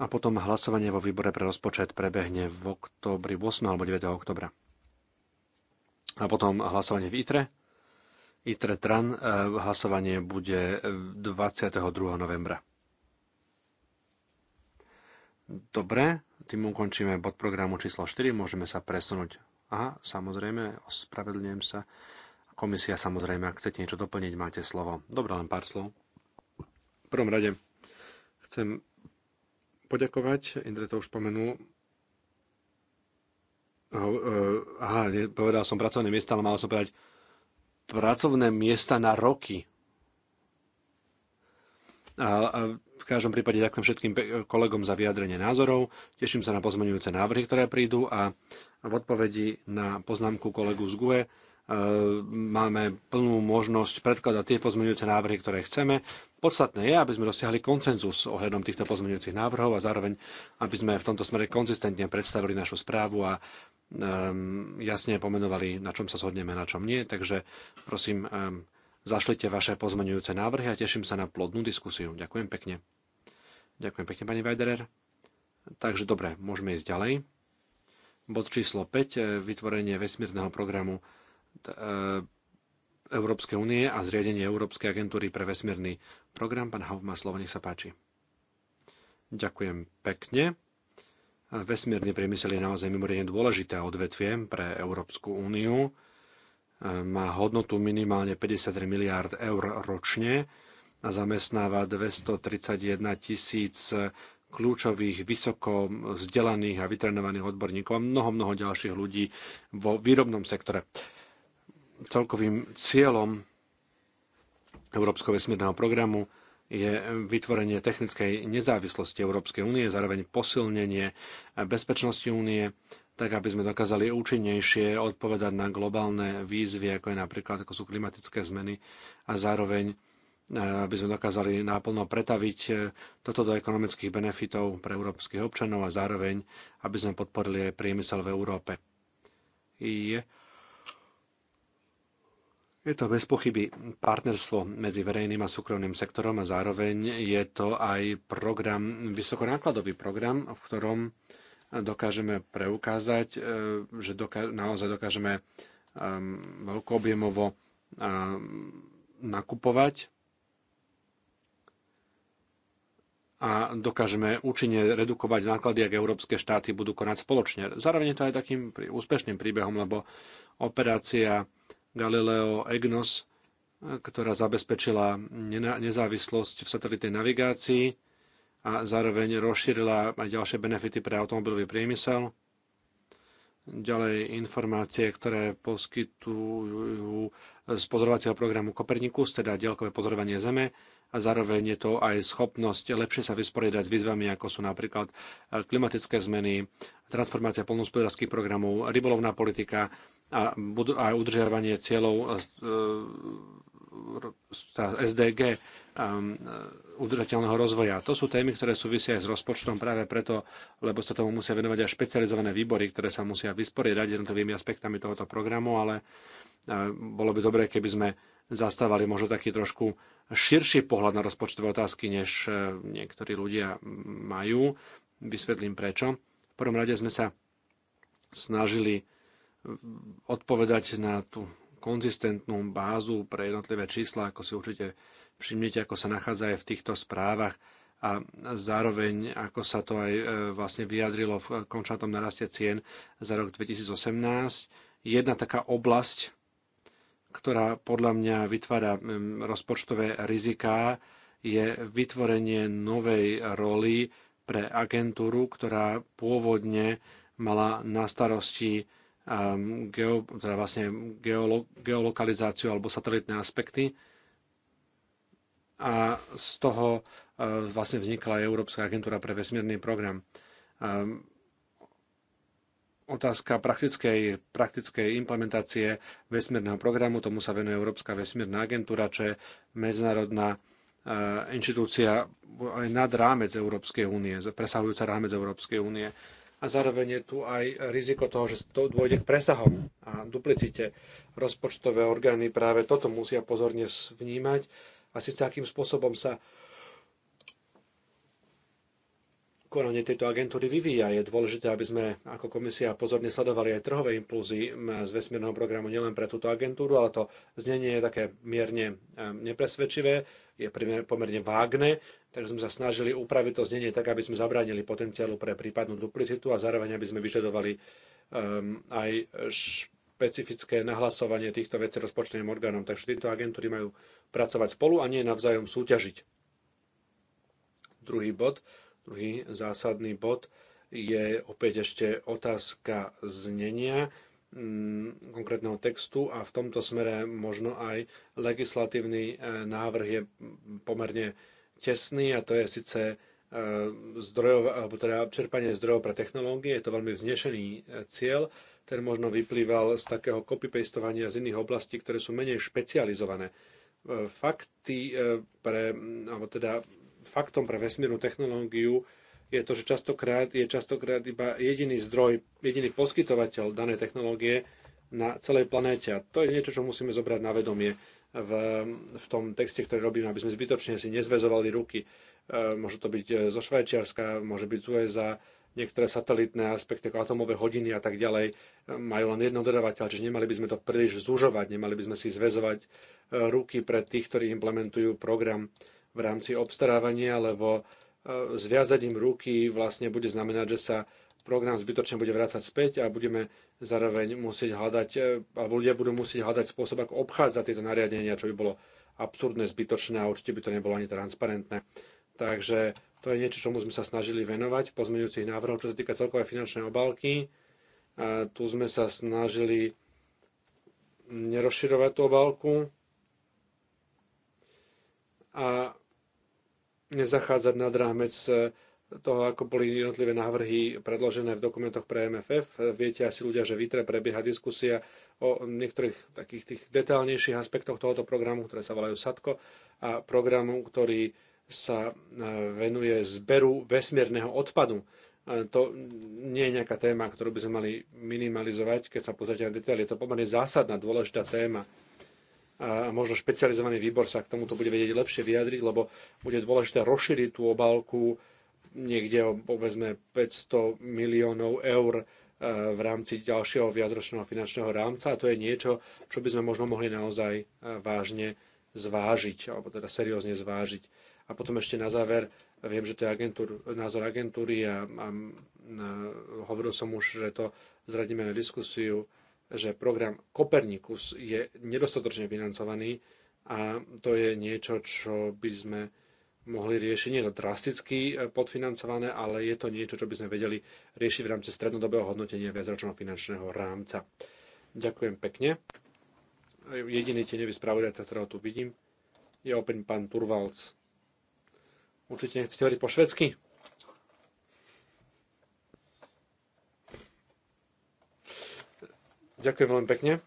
Speaker 3: a potom hlasovanie vo výbore pre rozpočet prebehne v oktobri 8. alebo 9. oktobra. A potom hlasovanie v ITRE. ITRE TRAN e, hlasovanie bude 22. novembra. Dobre, tým ukončíme bod programu číslo 4, môžeme sa presunúť a samozrejme, ospravedlňujem sa. Komisia samozrejme, ak chcete niečo doplniť, máte slovo. Dobre, len pár slov. V prvom rade chcem poďakovať, Indre to už spomenul, e, Aha, povedal som pracovné miesta, ale mal som povedať pracovné miesta na roky. A, a v každom prípade ďakujem všetkým kolegom za vyjadrenie názorov, teším sa na pozmenujúce návrhy, ktoré prídu a v odpovedi na poznámku kolegu z GUE e, máme plnú možnosť predkladať tie pozmeňujúce návrhy, ktoré chceme. Podstatné je, aby sme dosiahli koncenzus ohľadom týchto pozmeňujúcich návrhov a zároveň, aby sme v tomto smere konzistentne predstavili našu správu a um, jasne pomenovali, na čom sa zhodneme, na čom nie. Takže prosím, um, zašlite vaše pozmenujúce návrhy a teším sa na plodnú diskusiu. Ďakujem pekne. Ďakujem pekne, pani Weiderer. Takže dobre, môžeme ísť ďalej. Bod číslo 5. E, vytvorenie vesmírneho programu e, Európskej únie a zriadenie Európskej agentúry pre vesmírny program. Pán Haufma, slovo nech sa páči. Ďakujem pekne. Vesmírny priemysel je naozaj mimoriadne dôležité odvetvie pre Európsku úniu E, má hodnotu minimálne 53 miliárd eur ročne a zamestnáva 231 tisíc kľúčových, vysoko vzdelaných a vytrenovaných odborníkov a mnoho, mnoho ďalších ľudí vo výrobnom sektore. Celkovým cieľom Európskeho vesmírneho programu je vytvorenie technickej nezávislosti Európskej únie, zároveň posilnenie bezpečnosti únie tak aby sme dokázali účinnejšie odpovedať na globálne výzvy, ako je napríklad ako sú klimatické zmeny a zároveň e, aby sme dokázali náplno pretaviť e, toto do ekonomických benefitov pre európskych občanov a zároveň, aby sme podporili aj priemysel v Európe. Je, je to bez pochyby partnerstvo medzi verejným a súkromným sektorom a zároveň je to aj program, vysokonákladový program, v ktorom dokážeme preukázať, e, že naozaj dokážeme e, veľkoobjemovo e, nakupovať a dokážeme účinne redukovať náklady, ak európske štáty budú konať spoločne. Zároveň je to aj takým úspešným príbehom, lebo operácia Galileo EGNOS, ktorá zabezpečila nezávislosť v satelitnej navigácii, a zároveň rozšírila aj ďalšie benefity pre automobilový priemysel. Ďalej informácie, ktoré poskytujú z pozorovacieho programu Kopernikus, teda diaľkové pozorovanie Zeme, a zároveň je to aj schopnosť lepšie sa vysporiadať s výzvami, ako sú napríklad klimatické zmeny, transformácia polnospodárských programov, rybolovná politika a, a udržiavanie cieľov e, e, SDG. Um, udržateľného rozvoja. To sú témy, ktoré súvisia aj s rozpočtom práve preto, lebo sa tomu musia venovať aj špecializované výbory, ktoré sa musia vysporiadať jednotlivými aspektami tohoto programu, ale uh, bolo by dobré, keby sme zastávali možno taký trošku širší pohľad na rozpočtové otázky, než uh, niektorí ľudia majú. Vysvetlím prečo. V prvom rade sme sa snažili odpovedať na tú konzistentnú bázu pre jednotlivé čísla, ako si určite Všimnite, ako sa nachádza aj v týchto správach a zároveň, ako sa to aj e, vlastne vyjadrilo v končatom naraste cien za rok 2018. Jedna taká oblasť, ktorá podľa mňa vytvára rozpočtové riziká, je vytvorenie novej roli pre agentúru, ktorá pôvodne mala na starosti geo, teda vlastne geolo, geolokalizáciu alebo satelitné aspekty a z toho e, vlastne vznikla aj Európska agentúra pre vesmírny program. E, otázka praktickej, praktickej implementácie vesmírneho programu, tomu sa venuje Európska vesmírna agentúra, čo je medzinárodná e, inštitúcia aj nad rámec Európskej únie, presahujúca rámec Európskej únie. A zároveň je tu aj riziko toho, že to dôjde k presahom a duplicite. Rozpočtové orgány práve toto musia pozorne vnímať a síce akým spôsobom sa konanie tejto agentúry vyvíja. Je dôležité, aby sme ako komisia pozorne sledovali aj trhové impulzy z vesmírneho programu nielen pre túto agentúru, ale to znenie je také mierne nepresvedčivé, je pomerne vágne, takže sme sa snažili upraviť to znenie tak, aby sme zabránili potenciálu pre prípadnú duplicitu a zároveň aby sme vyžadovali aj špecifické nahlasovanie týchto vecí rozpočtovým orgánom. Takže tieto agentúry majú pracovať spolu a nie navzájom súťažiť. Druhý bod, druhý zásadný bod je opäť ešte otázka znenia mm, konkrétneho textu a v tomto smere možno aj legislatívny e, návrh je pomerne tesný a to je síce e, zdrojov, alebo teda čerpanie zdrojov pre technológie. Je to veľmi vznešený e, cieľ, ten možno vyplýval z takého copy-pastovania z iných oblastí, ktoré sú menej špecializované. E, fakty e, pre, alebo teda faktom pre vesmírnu technológiu je to, že častokrát je častokrát iba jediný zdroj, jediný poskytovateľ danej technológie na celej planéte. A to je niečo, čo musíme zobrať na vedomie v, v tom texte, ktorý robíme, aby sme zbytočne si nezvezovali ruky. E, môže to byť zo Švajčiarska, môže byť z USA, niektoré satelitné aspekty ako atomové hodiny a tak ďalej majú len jedno dodávateľ, čiže nemali by sme to príliš zužovať, nemali by sme si zväzovať e, ruky pre tých, ktorí implementujú program v rámci obstarávania, lebo e, zviazať im ruky vlastne bude znamenať, že sa program zbytočne bude vrácať späť a budeme zároveň musieť hľadať, e, alebo ľudia budú musieť hľadať spôsob, ako obchádzať tieto nariadenia, čo by bolo absurdné, zbytočné a určite by to nebolo ani transparentné. Takže to je niečo, čomu sme sa snažili venovať pozmeňujúcich návrhov, čo sa týka celkovej finančnej obálky. A tu sme sa snažili nerozširovať tú obálku a nezachádzať nad rámec toho, ako boli jednotlivé návrhy predložené v dokumentoch pre MFF. Viete asi ľudia, že v prebieha diskusia o niektorých takých tých detálnejších aspektoch tohoto programu, ktoré sa volajú SATKO a programu, ktorý sa e, venuje zberu vesmírneho odpadu. E, to nie je nejaká téma, ktorú by sme mali minimalizovať, keď sa pozrite na detaily. Je to pomerne zásadná, dôležitá téma. E, a možno špecializovaný výbor sa k tomuto bude vedieť lepšie vyjadriť, lebo bude dôležité rozšíriť tú obálku niekde o povedzme 500 miliónov eur v rámci ďalšieho viacročného finančného rámca a to je niečo, čo by sme možno mohli naozaj vážne zvážiť, alebo teda seriózne zvážiť a potom ešte na záver, viem, že to je agentúr, názor agentúry a, a, a hovoril som už, že to zradíme na diskusiu, že program Kopernikus je nedostatočne financovaný a to je niečo, čo by sme mohli riešiť. Nie je to drasticky e, podfinancované, ale je to niečo, čo by sme vedeli riešiť v rámci strednodobého hodnotenia viacročného finančného rámca. Ďakujem pekne. E, jediný tenevý spravodajca, ktorého tu vidím, je opäť pán Turvalc. Určite nechcete hovoriť po švedsky? Ďakujem veľmi pekne.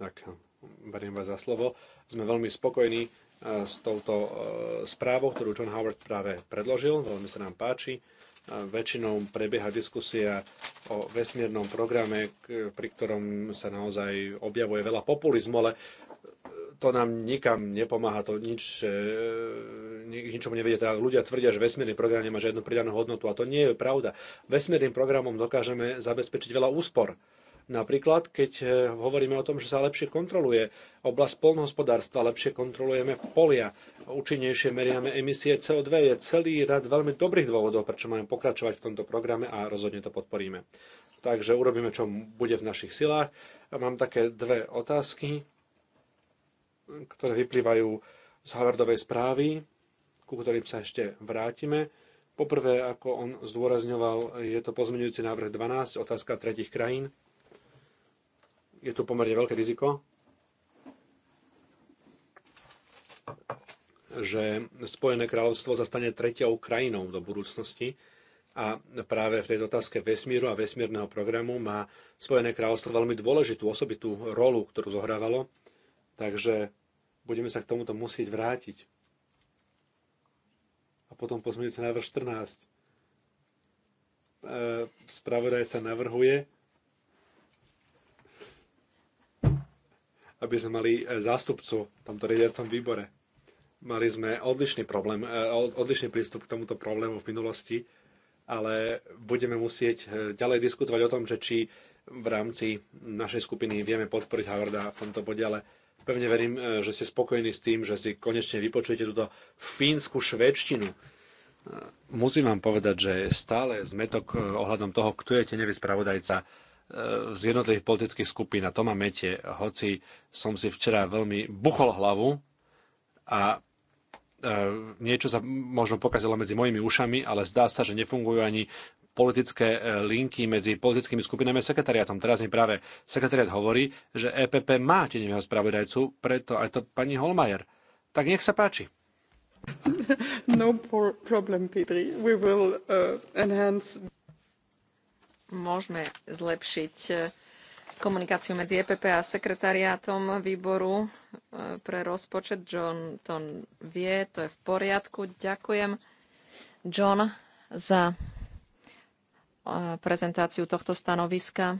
Speaker 3: Tak, beriem vás za slovo. Sme veľmi spokojní eh, s touto eh, správou, ktorú John Howard práve predložil. Veľmi sa nám páči. Eh, väčšinou prebieha diskusia o vesmírnom programe, pri ktorom sa naozaj objavuje veľa populizmu, ale to nám nikam nepomáha, to nič, e, ničomu nevedie. Teda ľudia tvrdia, že vesmírny program nemá žiadnu pridanú hodnotu a to nie je pravda. Vesmírnym programom dokážeme zabezpečiť veľa úspor. Napríklad, keď e, hovoríme o tom, že sa lepšie kontroluje oblasť polnohospodárstva, lepšie kontrolujeme polia, účinnejšie meriame emisie CO2, je celý rad veľmi dobrých dôvodov, prečo máme pokračovať v tomto programe a rozhodne to podporíme. Takže urobíme, čo bude v našich silách. Mám také dve otázky ktoré vyplývajú z Havardovej správy, ku ktorým sa ešte vrátime. Poprvé, ako on zdôrazňoval, je to pozmeňujúci návrh 12, otázka tretich krajín. Je tu pomerne veľké riziko, že Spojené kráľovstvo zastane tretiou krajinou do budúcnosti a práve v tejto otázke vesmíru a vesmírneho programu má Spojené kráľovstvo veľmi dôležitú osobitú rolu, ktorú zohrávalo. Takže Budeme sa k tomuto musieť vrátiť. A potom pozmeňujúci návrh 14. E, spravodajca navrhuje, aby sme mali e, zástupcu v tomto riadiacom výbore. Mali sme odlišný, problém, e, odlišný prístup k tomuto problému v minulosti, ale budeme musieť ďalej diskutovať o tom, že či v rámci našej skupiny vieme podporiť Havarda v tomto bode, ale Pevne verím, e, že ste spokojní s tým, že si konečne vypočujete túto fínsku švedštinu. E, musím vám povedať, že stále zmetok e, ohľadom toho, kto je tenevý spravodajca z jednotlivých politických skupín a to ma hoci som si včera veľmi buchol hlavu a niečo sa možno pokazilo medzi mojimi ušami, ale zdá sa, že nefungujú ani politické e, linky medzi politickými skupinami a sekretariatom. Teraz mi práve sekretariat hovorí, že EPP má tenivého spravodajcu, preto aj to pani Holmajer. Tak nech sa páči. No
Speaker 2: problem, Petri. We will uh, enhance... Môžeme zlepšiť e, komunikáciu medzi EPP a sekretariátom výboru e, pre rozpočet. John to vie, to je v poriadku. Ďakujem, John, za prezentáciu tohto stanoviska.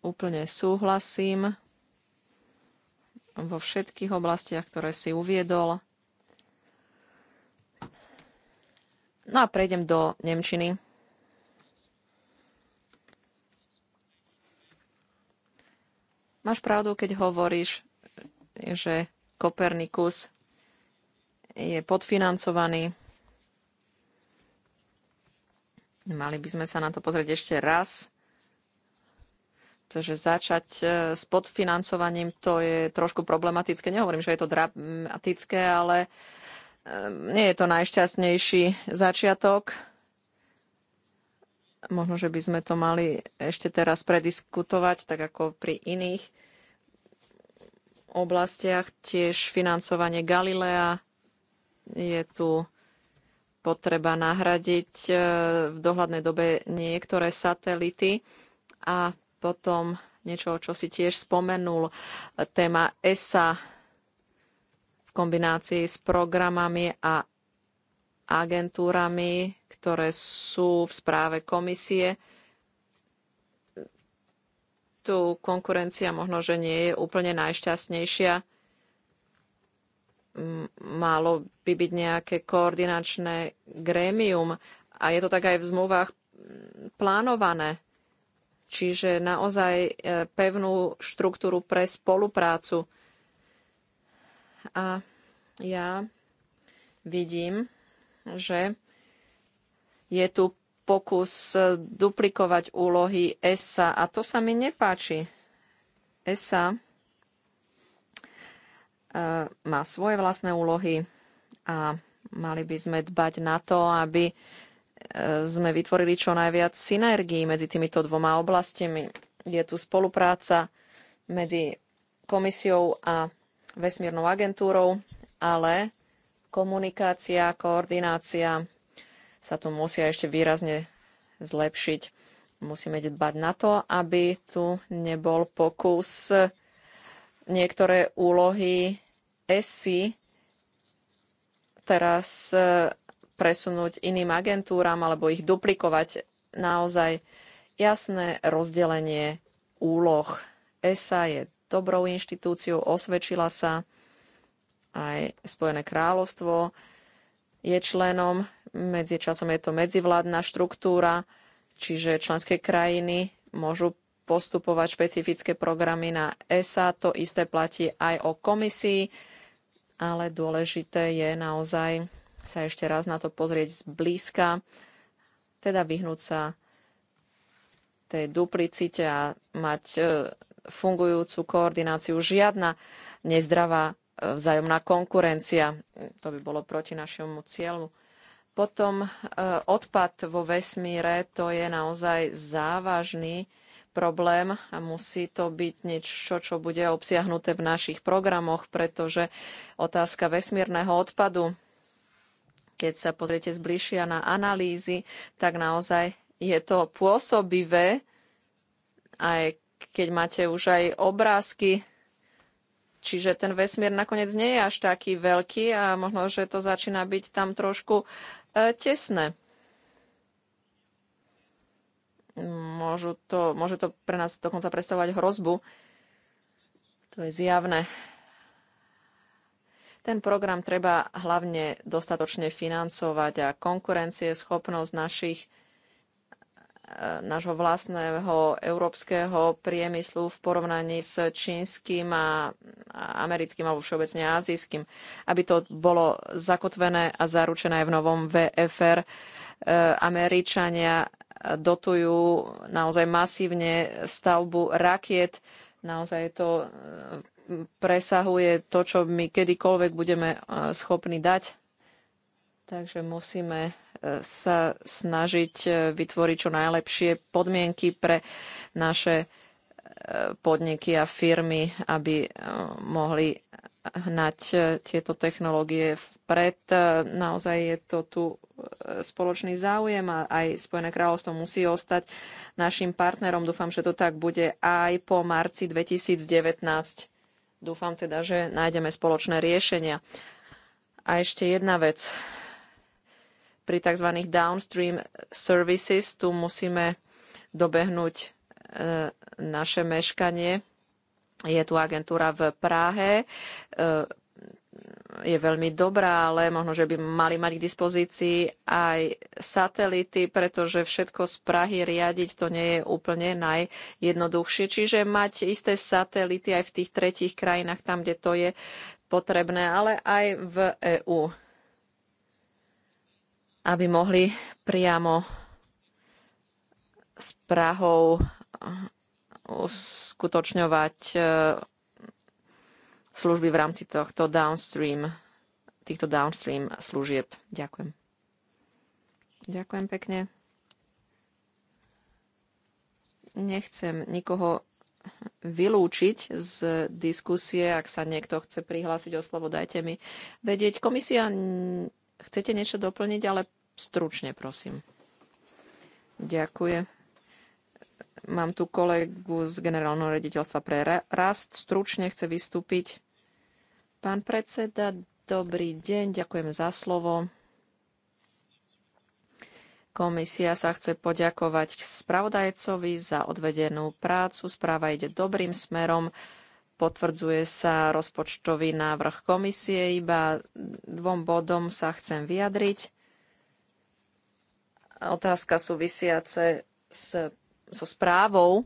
Speaker 2: Úplne súhlasím vo všetkých oblastiach, ktoré si uviedol. No a prejdem do Nemčiny. Máš pravdu, keď hovoríš, že Kopernikus je podfinancovaný. Mali by sme sa na to pozrieť ešte raz, pretože začať e, s podfinancovaním to je trošku problematické. Nehovorím, že je to dramatické, ale e, nie je to najšťastnejší začiatok. Možno, že by sme to mali ešte teraz prediskutovať, tak ako pri iných oblastiach. Tiež financovanie Galilea je tu potreba nahradiť e, v dohľadnej dobe niektoré satelity a potom niečo, čo si tiež spomenul, téma ESA v kombinácii s programami a agentúrami, ktoré sú v správe komisie. Tu konkurencia možno, že nie je úplne najšťastnejšia malo by byť nejaké koordinačné grémium a je to tak aj v zmluvách plánované. Čiže naozaj e, pevnú štruktúru pre spoluprácu. A ja vidím, že je tu pokus duplikovať úlohy ESA a to sa mi nepáči. ESA E, má svoje vlastné úlohy a mali by sme dbať na to, aby e, sme vytvorili čo najviac synergií medzi týmito dvoma oblastiami. Je tu spolupráca medzi komisiou a vesmírnou agentúrou, ale komunikácia, koordinácia sa tu musia ešte výrazne zlepšiť. Musíme dbať na to, aby tu nebol pokus niektoré úlohy ESI teraz e, presunúť iným agentúram alebo ich duplikovať. Naozaj jasné rozdelenie úloh. ESA je dobrou inštitúciou, osvedčila sa aj Spojené kráľovstvo je členom, medzičasom je to medzivládna štruktúra, čiže členské krajiny môžu postupovať špecifické programy na ESA. To isté platí aj o komisii, ale dôležité je naozaj sa ešte raz na to pozrieť zblízka, teda vyhnúť sa tej duplicite a mať e, fungujúcu koordináciu. Žiadna nezdravá e, vzájomná konkurencia. To by bolo proti našemu cieľu. Potom e, odpad vo vesmíre, to je naozaj závažný problém a musí to byť niečo, čo bude obsiahnuté v našich programoch, pretože otázka vesmírneho odpadu, keď sa pozriete zbližšia na analýzy, tak naozaj je to pôsobivé, aj keď máte už aj obrázky, čiže ten vesmír nakoniec nie je až taký veľký a možno, že to začína byť tam trošku e, tesné. Môžu to, môže to pre nás dokonca predstavovať hrozbu. To je zjavné. Ten program treba hlavne dostatočne financovať a konkurencie, schopnosť našich eh, nášho vlastného európskeho priemyslu v porovnaní s čínskym a americkým alebo všeobecne azijským, aby to bolo zakotvené a zaručené aj v novom VFR. Eh, Američania dotujú naozaj masívne stavbu rakiet. Naozaj to e, presahuje to, čo my kedykoľvek budeme e, schopní dať. Takže musíme e, sa snažiť vytvoriť čo najlepšie podmienky pre naše podniky a firmy, aby mohli hnať e, tieto technológie vpred. E, naozaj je to tu e, spoločný záujem a aj Spojené kráľovstvo musí ostať našim partnerom. Dúfam, že to tak bude aj po marci 2019. Dúfam teda, že nájdeme spoločné riešenia. A ešte jedna vec. Pri tzv. downstream services tu musíme dobehnúť naše meškanie je tu agentúra v Prahe, e, je veľmi dobrá, ale možno, že by mali mať k dispozícii aj satelity, pretože všetko z Prahy riadiť to nie je úplne najjednoduchšie. Čiže mať isté satelity aj v tých tretích krajinách, tam, kde to je potrebné, ale aj v EÚ, aby mohli priamo s Prahou uskutočňovať e, služby v rámci tohto downstream, týchto downstream služieb. Ďakujem. Ďakujem pekne. Nechcem nikoho vylúčiť z diskusie. Ak sa niekto chce prihlásiť o slovo, dajte mi vedieť. Komisia, chcete niečo doplniť, ale stručne, prosím. Ďakujem. Mám tu kolegu z generálneho rediteľstva pre rast. Stručne chce vystúpiť. Pán predseda, dobrý deň, ďakujem za slovo. Komisia sa chce poďakovať spravodajcovi za odvedenú prácu. Správa ide dobrým smerom. Potvrdzuje sa rozpočtový návrh komisie. Iba dvom bodom sa chcem vyjadriť. Otázka súvisiace s so správou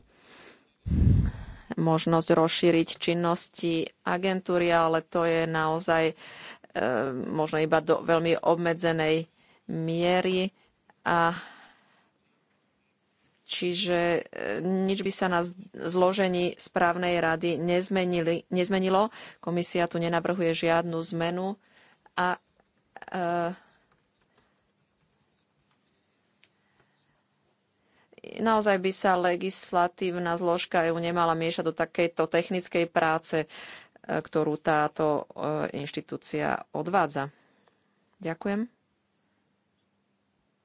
Speaker 2: možnosť rozšíriť činnosti agentúry, ale to je naozaj e, možno iba do veľmi obmedzenej miery. A čiže e, nič by sa na zložení správnej rady nezmenili, nezmenilo. Komisia tu nenavrhuje žiadnu zmenu a e, naozaj by sa legislatívna zložka EU nemala miešať do takejto technickej práce, e, ktorú táto e, inštitúcia odvádza. Ďakujem.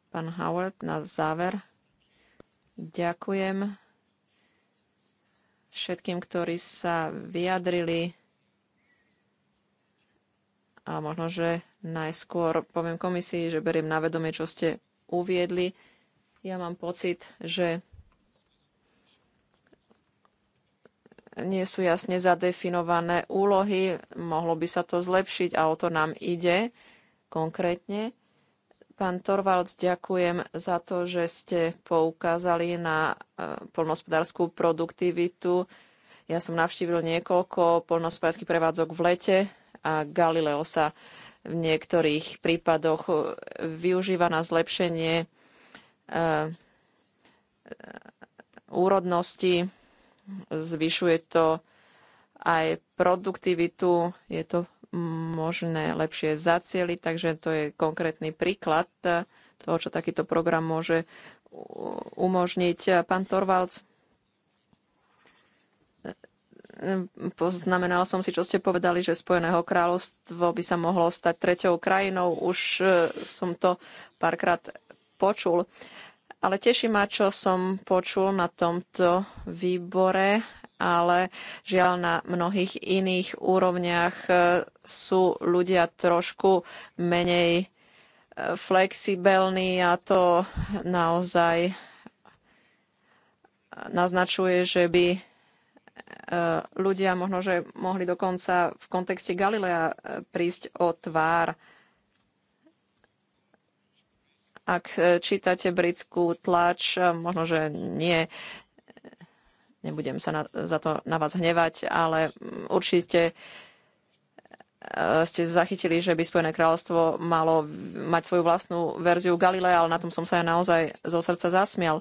Speaker 2: Pán Howard, na záver. Ďakujem všetkým, ktorí sa vyjadrili. A možno, že najskôr poviem komisii, že beriem na vedomie, čo ste uviedli ja mám pocit, že nie sú jasne zadefinované úlohy, mohlo by sa to zlepšiť a o to nám ide konkrétne. Pán Torvalds, ďakujem za to, že ste poukázali na e, polnospodárskú produktivitu. Ja som navštívil niekoľko polnospodárských prevádzok v lete a Galileo sa v niektorých prípadoch e, využíva na zlepšenie E, e, úrodnosti, zvyšuje to aj produktivitu, je to možné lepšie zacieliť, takže to je konkrétny príklad toho, čo takýto program môže umožniť. Pán Torvalc, poznamenala som si, čo ste povedali, že Spojeného kráľovstvo by sa mohlo stať treťou krajinou. Už e, som to párkrát počul. Ale teší ma, čo som počul na tomto výbore, ale žiaľ na mnohých iných úrovniach e, sú ľudia trošku menej e, flexibilní a to naozaj e, naznačuje, že by ľudia možno, že mohli dokonca v kontexte Galilea prísť o tvár ak e, čítate britskú tlač, e, možno, že nie, e, nebudem sa na, za to na vás hnevať, ale mm, určite ste zachytili, že by Spojené kráľovstvo malo mať svoju vlastnú verziu Galilea, ale na tom som sa ja naozaj zo srdca zasmial.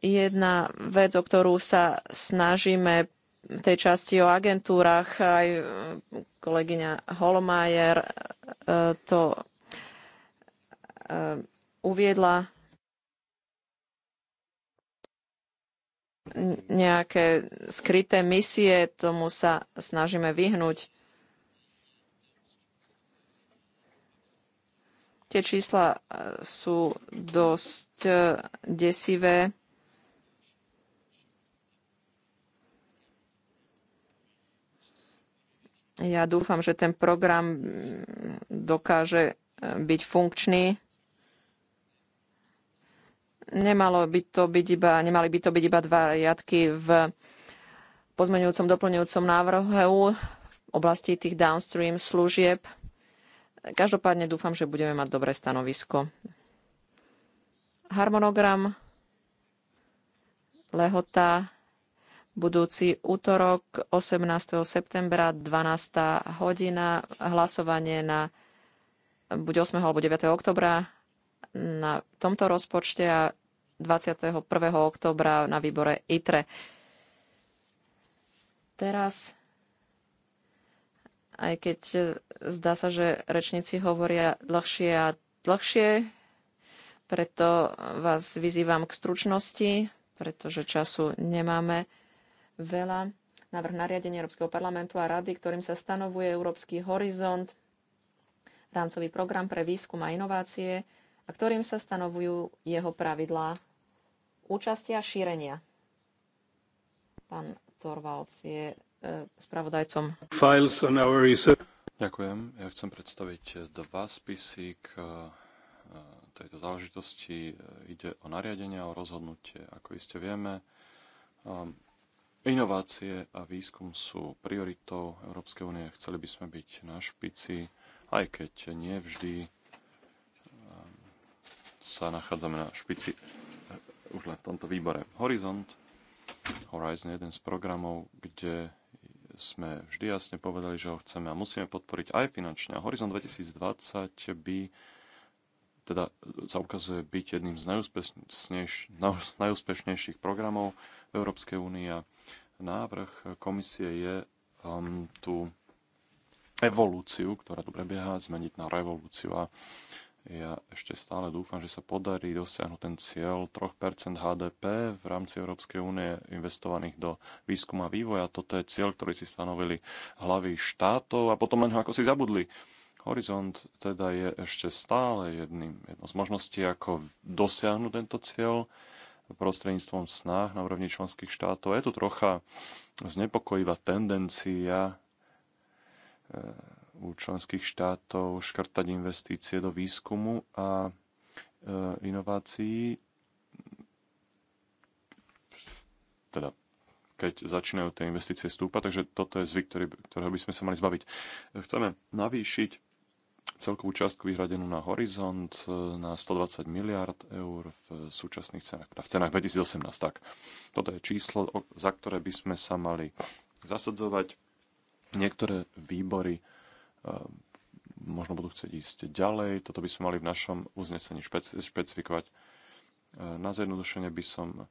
Speaker 2: Jedna vec, o ktorú sa snažíme v tej časti o agentúrach, aj mm, kolegyňa Holmajer to Eh, uviedla nejaké skryté misie, tomu sa snažíme vyhnúť. Tie čísla eh, sú dosť eh, desivé. Ja dúfam, že ten program mm, dokáže byť funkčný Nemalo by to byť iba, nemali by to byť iba dva riadky v pozmeňujúcom doplňujúcom návrhu v oblasti tých downstream služieb. Každopádne dúfam, že budeme mať dobré stanovisko. Harmonogram lehota budúci útorok 18. septembra 12. hodina hlasovanie na buď 8. alebo 9. oktobra na tomto rozpočte a 21. oktobra na výbore ITRE. Teraz, aj keď e, zdá sa, že rečníci hovoria dlhšie a dlhšie, preto vás vyzývam k stručnosti, pretože času nemáme veľa. Návrh nariadenia Európskeho parlamentu a rady, ktorým sa stanovuje Európsky horizont, rámcový program pre výskum a inovácie a ktorým sa stanovujú jeho pravidlá účastia a šírenia. Pán Torvalds je e, spravodajcom.
Speaker 1: Ďakujem. Ja chcem predstaviť dva spisy k e, tejto záležitosti. Ide o nariadenia, o rozhodnutie. Ako iste vieme, e, inovácie a výskum sú prioritou Európskej únie. Chceli by sme byť na špici, aj keď nie vždy sa nachádzame na špici eh, už len v tomto výbore. Horizont, Horizon je jeden z programov, kde sme vždy jasne povedali, že ho chceme a musíme podporiť aj finančne. A Horizon 2020 by teda sa ukazuje byť jedným z najúspešnejších programov v Európskej únii a návrh komisie je um, tú evolúciu, ktorá tu prebieha, zmeniť na revolúciu. A ja ešte stále dúfam, že sa podarí dosiahnuť ten cieľ 3% HDP v rámci Európskej únie investovaných do výskuma a vývoja. Toto je cieľ, ktorý si stanovili hlavy štátov a potom len ho ako si zabudli. Horizont teda je ešte stále jedným, jednou z možností, ako dosiahnuť tento cieľ prostredníctvom snah na úrovni členských štátov. Je tu trocha znepokojivá tendencia eh, u členských štátov škrtať investície do výskumu a e, inovácií. Teda keď začínajú tie investície stúpať, takže toto je zvyk, ktorý, ktorého by sme sa mali zbaviť. Chceme navýšiť celkovú částku vyhradenú na horizont e, na 120 miliard eur v súčasných cenách, teda v cenách 2018. Tak. Toto je číslo, za ktoré by sme sa mali zasadzovať. Niektoré výbory Ehm, možno budú chcieť ísť ďalej. Toto by sme mali v našom uznesení špec- špecifikovať. Ehm, na zjednodušenie by som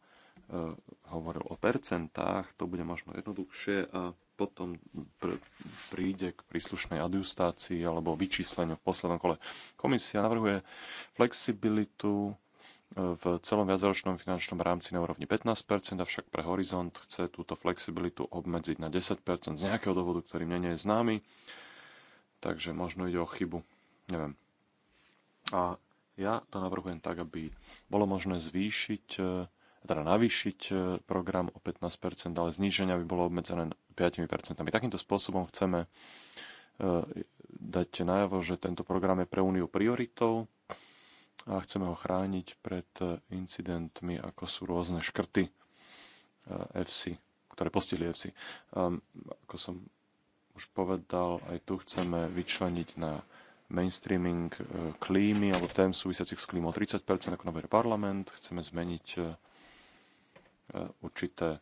Speaker 1: ehm, hovoril o percentách, to bude možno jednoduchšie a potom pr- príde k príslušnej adjustácii alebo vyčísleniu v poslednom kole. Komisia navrhuje flexibilitu v celom viacročnom finančnom rámci na úrovni 15%, avšak pre Horizont chce túto flexibilitu obmedziť na 10% z nejakého dôvodu, ktorý mne nie je známy. Takže možno ide o chybu. Neviem. A ja to navrhujem tak, aby bolo možné zvýšiť, e, teda navýšiť e, program o 15%, ale zníženia by bolo obmedzené 5%. Takýmto spôsobom chceme e, dať najavo, že tento program je pre Úniu prioritou a chceme ho chrániť pred incidentmi, ako sú rôzne škrty FC, ktoré postihli FC. Ehm, ako som už povedal, aj tu chceme vyčleniť na mainstreaming e, klímy alebo tém súvisiacich s klímou 30 ako nový parlament. Chceme zmeniť e, e, určité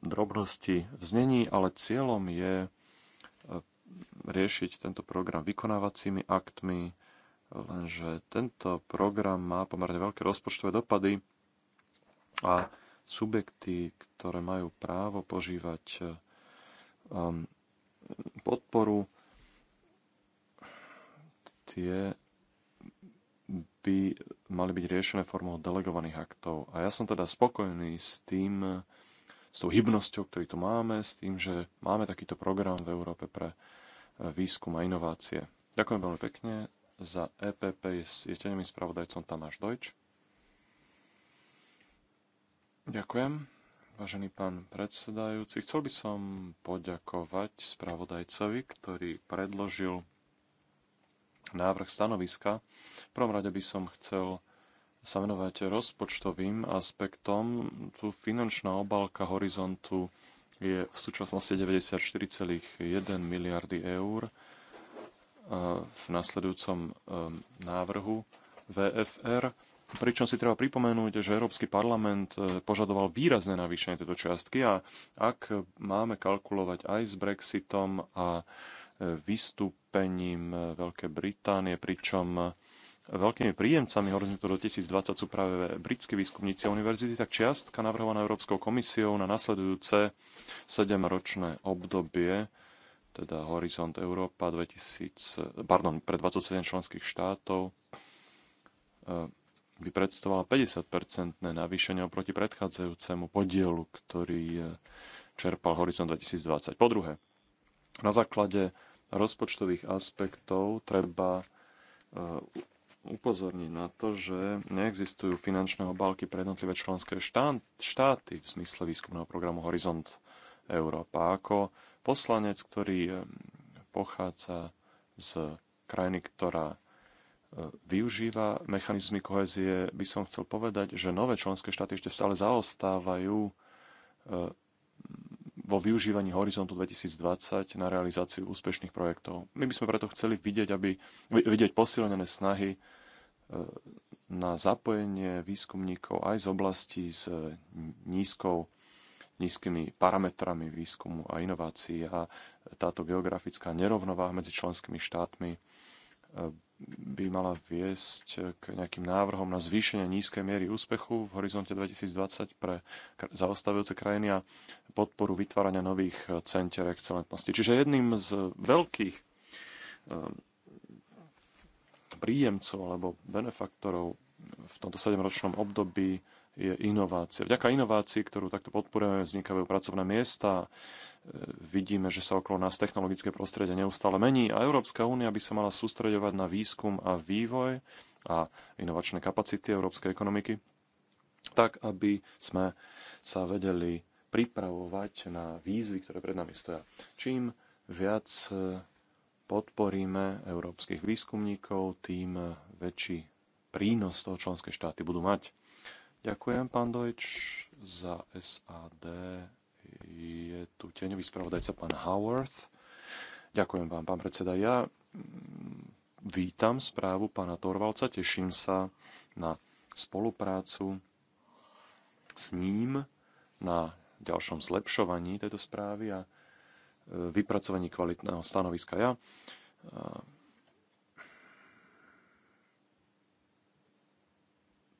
Speaker 1: drobnosti v znení, ale cieľom je riešiť tento program vykonávacími aktmi, lenže tento program má pomerne veľké rozpočtové dopady a subjekty, ktoré majú právo požívať um, podporu, tie by mali byť riešené formou delegovaných aktov. A ja som teda spokojný s tým, s tou hybnosťou, ktorý tu máme, s tým, že máme takýto program v Európe pre e, výskum a inovácie. Ďakujem veľmi pekne. Za EPP je tenemi spravodajcom Tamáš Dojč. Ďakujem. Vážený pán predsedajúci, chcel by som poďakovať spravodajcovi, ktorý predložil návrh stanoviska. V prvom rade by som chcel sa venovať rozpočtovým aspektom. Tu finančná obálka horizontu je v súčasnosti 94,1 miliardy eur. Eh, v nasledujúcom eh, návrhu VFR Pričom si treba pripomenúť, že Európsky parlament e, požadoval výrazné navýšenie tejto čiastky a ak máme kalkulovať aj s Brexitom a e, vystúpením e, Veľkej Británie, pričom veľkými príjemcami Horizontu do 2020 sú práve britskí výskumníci a univerzity, tak čiastka navrhovaná Európskou komisiou na nasledujúce 7-ročné obdobie, teda Horizont Európa 2000, pardon, pre 27 členských štátov, by predstavovala 50-percentné navýšenie oproti predchádzajúcemu podielu, ktorý e, čerpal Horizon 2020. Po druhé, na základe rozpočtových aspektov treba e, upozorniť na to, že neexistujú finančné obálky pre jednotlivé členské štáty v zmysle výskumného programu Horizont Európa. Ako poslanec, ktorý e, pochádza z krajiny, ktorá využíva mechanizmy kohezie, by som chcel povedať, že nové členské štáty ešte stále zaostávajú e, vo využívaní Horizontu 2020 na realizáciu úspešných projektov. My by sme preto chceli vidieť, aby, vidieť posilnené snahy e, na zapojenie výskumníkov aj z oblasti s nízkou, nízkymi parametrami výskumu a inovácií a táto geografická nerovnováha medzi členskými štátmi e, by mala viesť k nejakým návrhom na zvýšenie nízkej miery úspechu v horizonte 2020 pre zaostávajúce krajiny a podporu vytvárania nových center excelentnosti. Čiže jedným z veľkých ehm, príjemcov alebo benefaktorov v tomto 7-ročnom období je inovácia. Vďaka inovácii, ktorú takto podporujeme, vznikajú pracovné miesta, e, vidíme, že sa okolo nás technologické prostredie neustále mení a Európska únia by sa mala sústreďovať na výskum a vývoj a inovačné kapacity európskej ekonomiky, tak aby sme sa vedeli pripravovať na výzvy, ktoré pred nami stoja. Čím viac e, podporíme európskych výskumníkov, tým väčší prínos toho členské štáty budú mať. Ďakujem, pán Dojč, za SAD. Je tu tieňový spravodajca pán Howard. Ďakujem vám, pán predseda. Ja mm, vítam správu pána Torvalca, teším sa na spoluprácu s ním na ďalšom zlepšovaní tejto správy a e, vypracovaní kvalitného stanoviska. Ja e,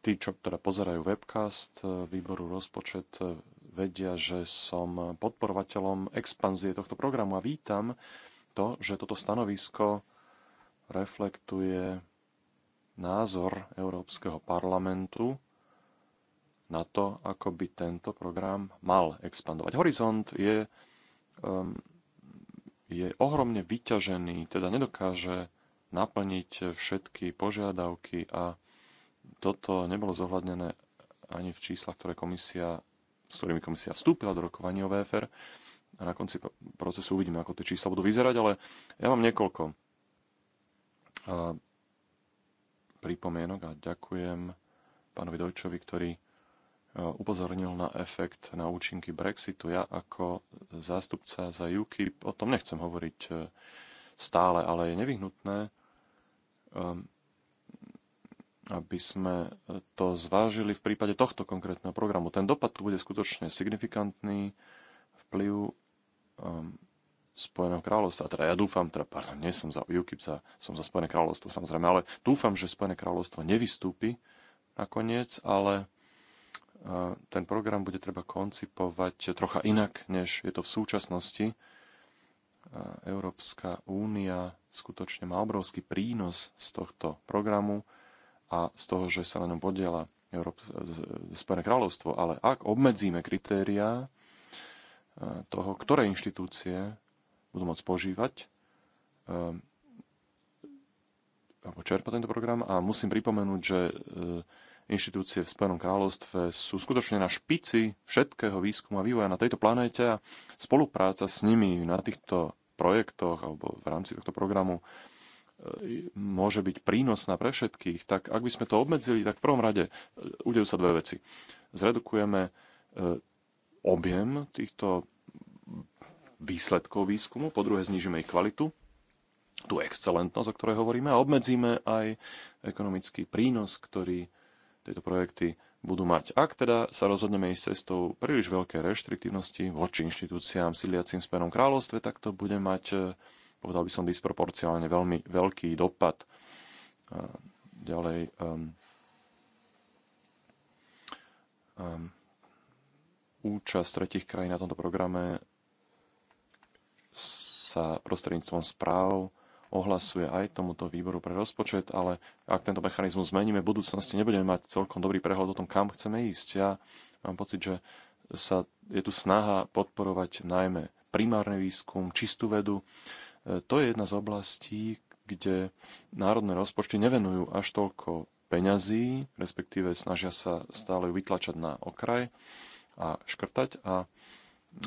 Speaker 1: tí, čo teda pozerajú webcast e, výboru rozpočet, e, vedia, že som podporovateľom expanzie tohto programu a vítam to, že toto stanovisko reflektuje názor Európskeho parlamentu na to, ako by tento program mal expandovať. Horizont je, um, je ohromne vyťažený, teda nedokáže naplniť všetky požiadavky a toto nebolo zohľadnené ani v číslach, ktoré komisia, s ktorými komisia vstúpila do rokovania o VFR. A na konci procesu uvidíme, ako tie čísla budú vyzerať, ale ja mám niekoľko uh, pripomienok a ďakujem pánovi Dojčovi, ktorý uh, upozornil na efekt, na účinky Brexitu. Ja ako zástupca za UKIP o tom nechcem hovoriť uh, stále, ale je nevyhnutné um, aby sme e, to zvážili v prípade tohto konkrétneho programu. Ten dopad tu bude skutočne signifikantný, vplyv um, Spojeného kráľovstva. Teda ja dúfam, teda, pardon, nie som za UKIP, za, som za Spojené kráľovstvo samozrejme, ale dúfam, že Spojené kráľovstvo nevystúpi nakoniec, ale uh, ten program bude treba koncipovať trocha inak, než je to v súčasnosti. E, Európska únia skutočne má obrovský prínos z tohto programu a z toho, že sa na ňom podiela e, Spojené kráľovstvo. Ale ak obmedzíme kritériá e, toho, ktoré inštitúcie budú môcť požívať e, alebo čerpa tento program a musím pripomenúť, že inštitúcie v Spojenom kráľovstve sú skutočne na špici všetkého výskumu a vývoja na tejto planéte a spolupráca s nimi na týchto projektoch alebo v rámci tohto programu môže byť prínosná pre všetkých, tak ak by sme to obmedzili, tak v prvom rade e, udejú sa dve veci. Zredukujeme e, objem týchto výsledkov výskumu, po druhé znižíme ich kvalitu, tú excelentnosť, o ktorej hovoríme, a obmedzíme aj ekonomický prínos, ktorý tieto projekty budú mať. Ak teda sa rozhodneme ísť cestou príliš veľkej reštriktívnosti voči inštitúciám sídliacim smerom kráľovstve, tak to bude mať e, povedal by som, disproporciálne veľmi veľký dopad. Ďalej, um, um, účasť tretich krajín na tomto programe sa prostredníctvom správ ohlasuje aj tomuto výboru pre rozpočet, ale ak tento mechanizmus zmeníme v budúcnosti, nebudeme mať celkom dobrý prehľad o tom, kam chceme ísť. Ja mám pocit, že sa, je tu snaha podporovať najmä primárny výskum, čistú vedu, E, to je jedna z oblastí, kde národné rozpočty nevenujú až toľko peňazí, respektíve snažia sa stále vytlačať na okraj a škrtať. A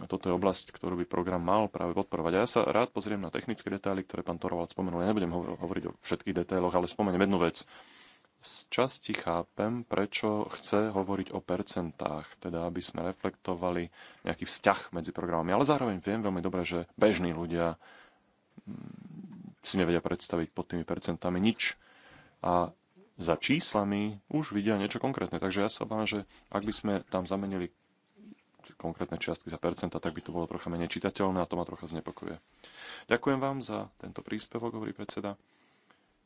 Speaker 1: toto je oblasť, ktorú by program mal práve podporovať. A ja sa rád pozriem na technické detaily, ktoré pán Torovac spomenul. Ja nebudem hovoriť o všetkých detailoch, ale spomeniem jednu vec. Z časti chápem, prečo chce hovoriť o percentách, teda aby sme reflektovali nejaký vzťah medzi programami. Ale zároveň viem veľmi dobre, že bežní ľudia Mm, si nevedia predstaviť pod tými percentami nič. A za číslami už vidia niečo konkrétne. Takže ja sa obávam, že ak by sme tam zamenili konkrétne čiastky za percenta, tak by to bolo trocha menej čitateľné a to ma trocha znepokojuje. Ďakujem vám za tento príspevok, hovorí predseda.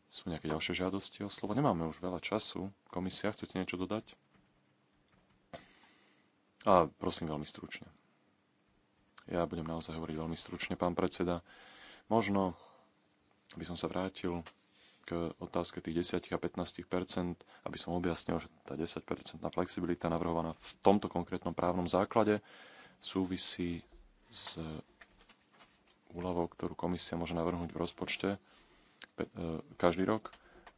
Speaker 1: Sú nejaké ďalšie žiadosti o slovo? Nemáme už veľa času. Komisia, chcete niečo dodať? A prosím veľmi stručne. Ja budem naozaj hovoriť veľmi stručne, pán predseda. Možno by som sa vrátil k otázke tých 10 a 15 aby som objasnil, že tá 10 flexibilita navrhovaná v tomto konkrétnom právnom základe súvisí s úľavou, ktorú komisia môže navrhnúť v rozpočte e, každý rok.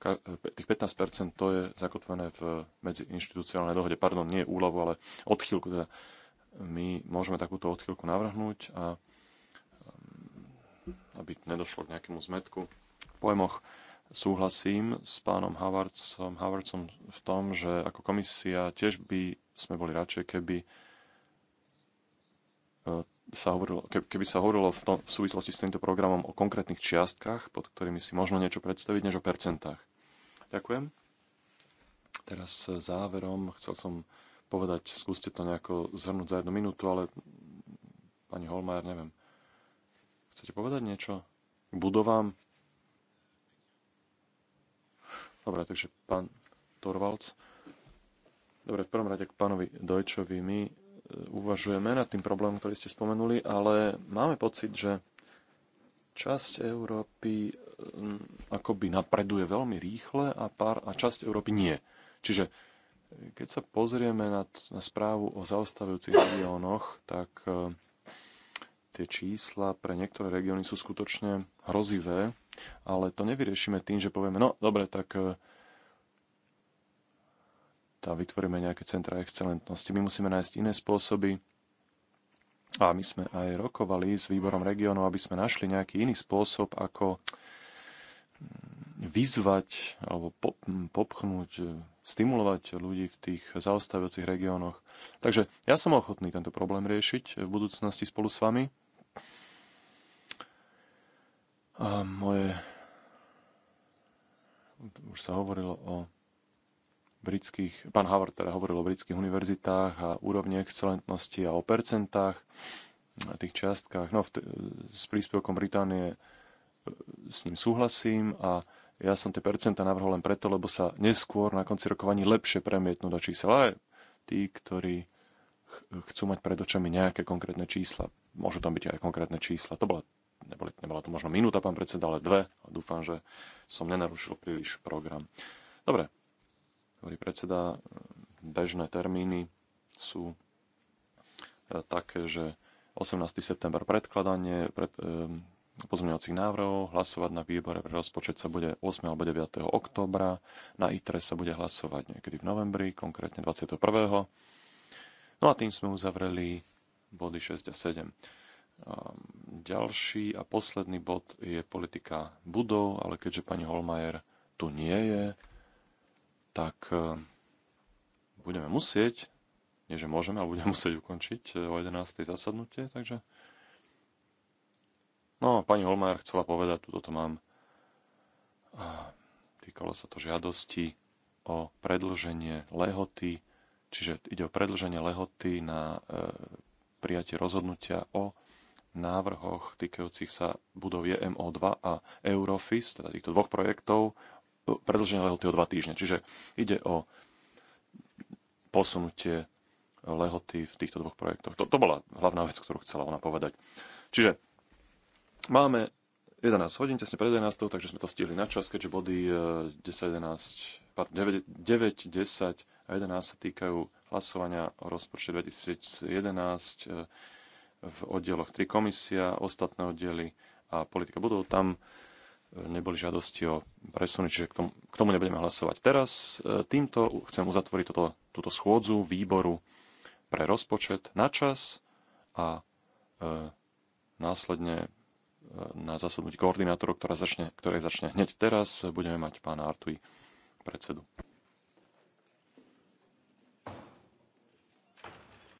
Speaker 1: E, tých 15 to je zakotvené v medziinstitucionálnej dohode. Pardon, nie úľavu, ale odchýlku. Teda my môžeme takúto odchýlku navrhnúť a aby nedošlo k nejakému zmetku v pojmoch. Súhlasím s pánom Havarcom, Havarcom v tom, že ako komisia tiež by sme boli radšej, keby e, sa hovorilo, keby sa hovorilo v, tom, v súvislosti s týmto programom o konkrétnych čiastkách, pod ktorými si možno niečo predstaviť, než o percentách. Ďakujem. Teraz záverom chcel som povedať, skúste to nejako zhrnúť za jednu minútu, ale pani Holmajer, neviem. Chcete povedať niečo k budovám? Dobre, takže pán Torvalds. Dobre, v prvom rade k pánovi Dojčovi. My e, uvažujeme nad tým problémom, ktorý ste spomenuli, ale máme pocit, že časť Európy e, akoby napreduje veľmi rýchle a, pár, a časť Európy nie. Čiže e, keď sa pozrieme na, na správu o zaostávajúcich regiónoch, tak tie čísla pre niektoré regióny sú skutočne hrozivé, ale to nevyriešime tým, že povieme, no dobre, tak e, tam vytvoríme nejaké centra excelentnosti. My musíme nájsť iné spôsoby a my sme aj rokovali s výborom regiónov, aby sme našli nejaký iný spôsob, ako mm, vyzvať alebo mm, popchnúť, e, stimulovať ľudí v tých zaostávajúcich regiónoch. Takže ja som ochotný tento problém riešiť v budúcnosti spolu s vami a moje... Už sa hovorilo o britských... Pán Howard teda hovoril o britských univerzitách a úrovni excelentnosti a o percentách na tých čiastkách. No, s príspevkom Británie e, s ním súhlasím a ja som tie percenta navrhol len preto, lebo sa neskôr na konci rokovaní lepšie premietnú do čísel. Ale tí, ktorí chcú mať pred očami nejaké konkrétne čísla, môžu tam byť aj konkrétne čísla. To bola neboli, nebola to možno minúta, pán predseda, ale dve. A dúfam, že som nenarušil príliš program. Dobre, hovorí predseda, bežné termíny sú e, také, že 18. september predkladanie pred, e, pozmeňovacích návrhov, hlasovať na výbore pre rozpočet sa bude 8. alebo 9. oktobra, na ITRE sa bude hlasovať niekedy v novembri, konkrétne 21. No a tým sme uzavreli body 6 a 7. Ehm, ďalší a posledný bod je politika budov, ale keďže pani Holmajer tu nie je, tak ehm, budeme musieť, nie že môžeme, ale budeme musieť ukončiť eh, o 11. zasadnutie, takže no, pani Holmajer chcela povedať, tu toto mám týkalo sa to žiadosti o predlženie lehoty, čiže ide o predlženie lehoty na eh, prijatie rozhodnutia o návrhoch týkajúcich sa budovie MO2 a Eurofis, teda týchto dvoch projektov, e, predlženie lehoty o dva týždne. Čiže ide o posunutie lehoty v týchto dvoch projektoch. To, to bola hlavná vec, ktorú chcela ona povedať. Čiže máme 11 hodín, tesne pred 11, takže sme to stihli na čas, keďže body 10, 11, 9, 9, 10 a 11 sa týkajú hlasovania o rozpočte 2011 v oddieloch tri komisia, ostatné oddely a politika budov. Tam e, neboli žiadosti o presuny, čiže k tomu, k tomu nebudeme hlasovať. Teraz e, týmto chcem uzatvoriť toto, túto schôdzu výboru pre rozpočet na čas a e, následne e, na zasadnutí koordinátorov, ktorá začne, ktoré začne hneď teraz, budeme mať pána Artui predsedu.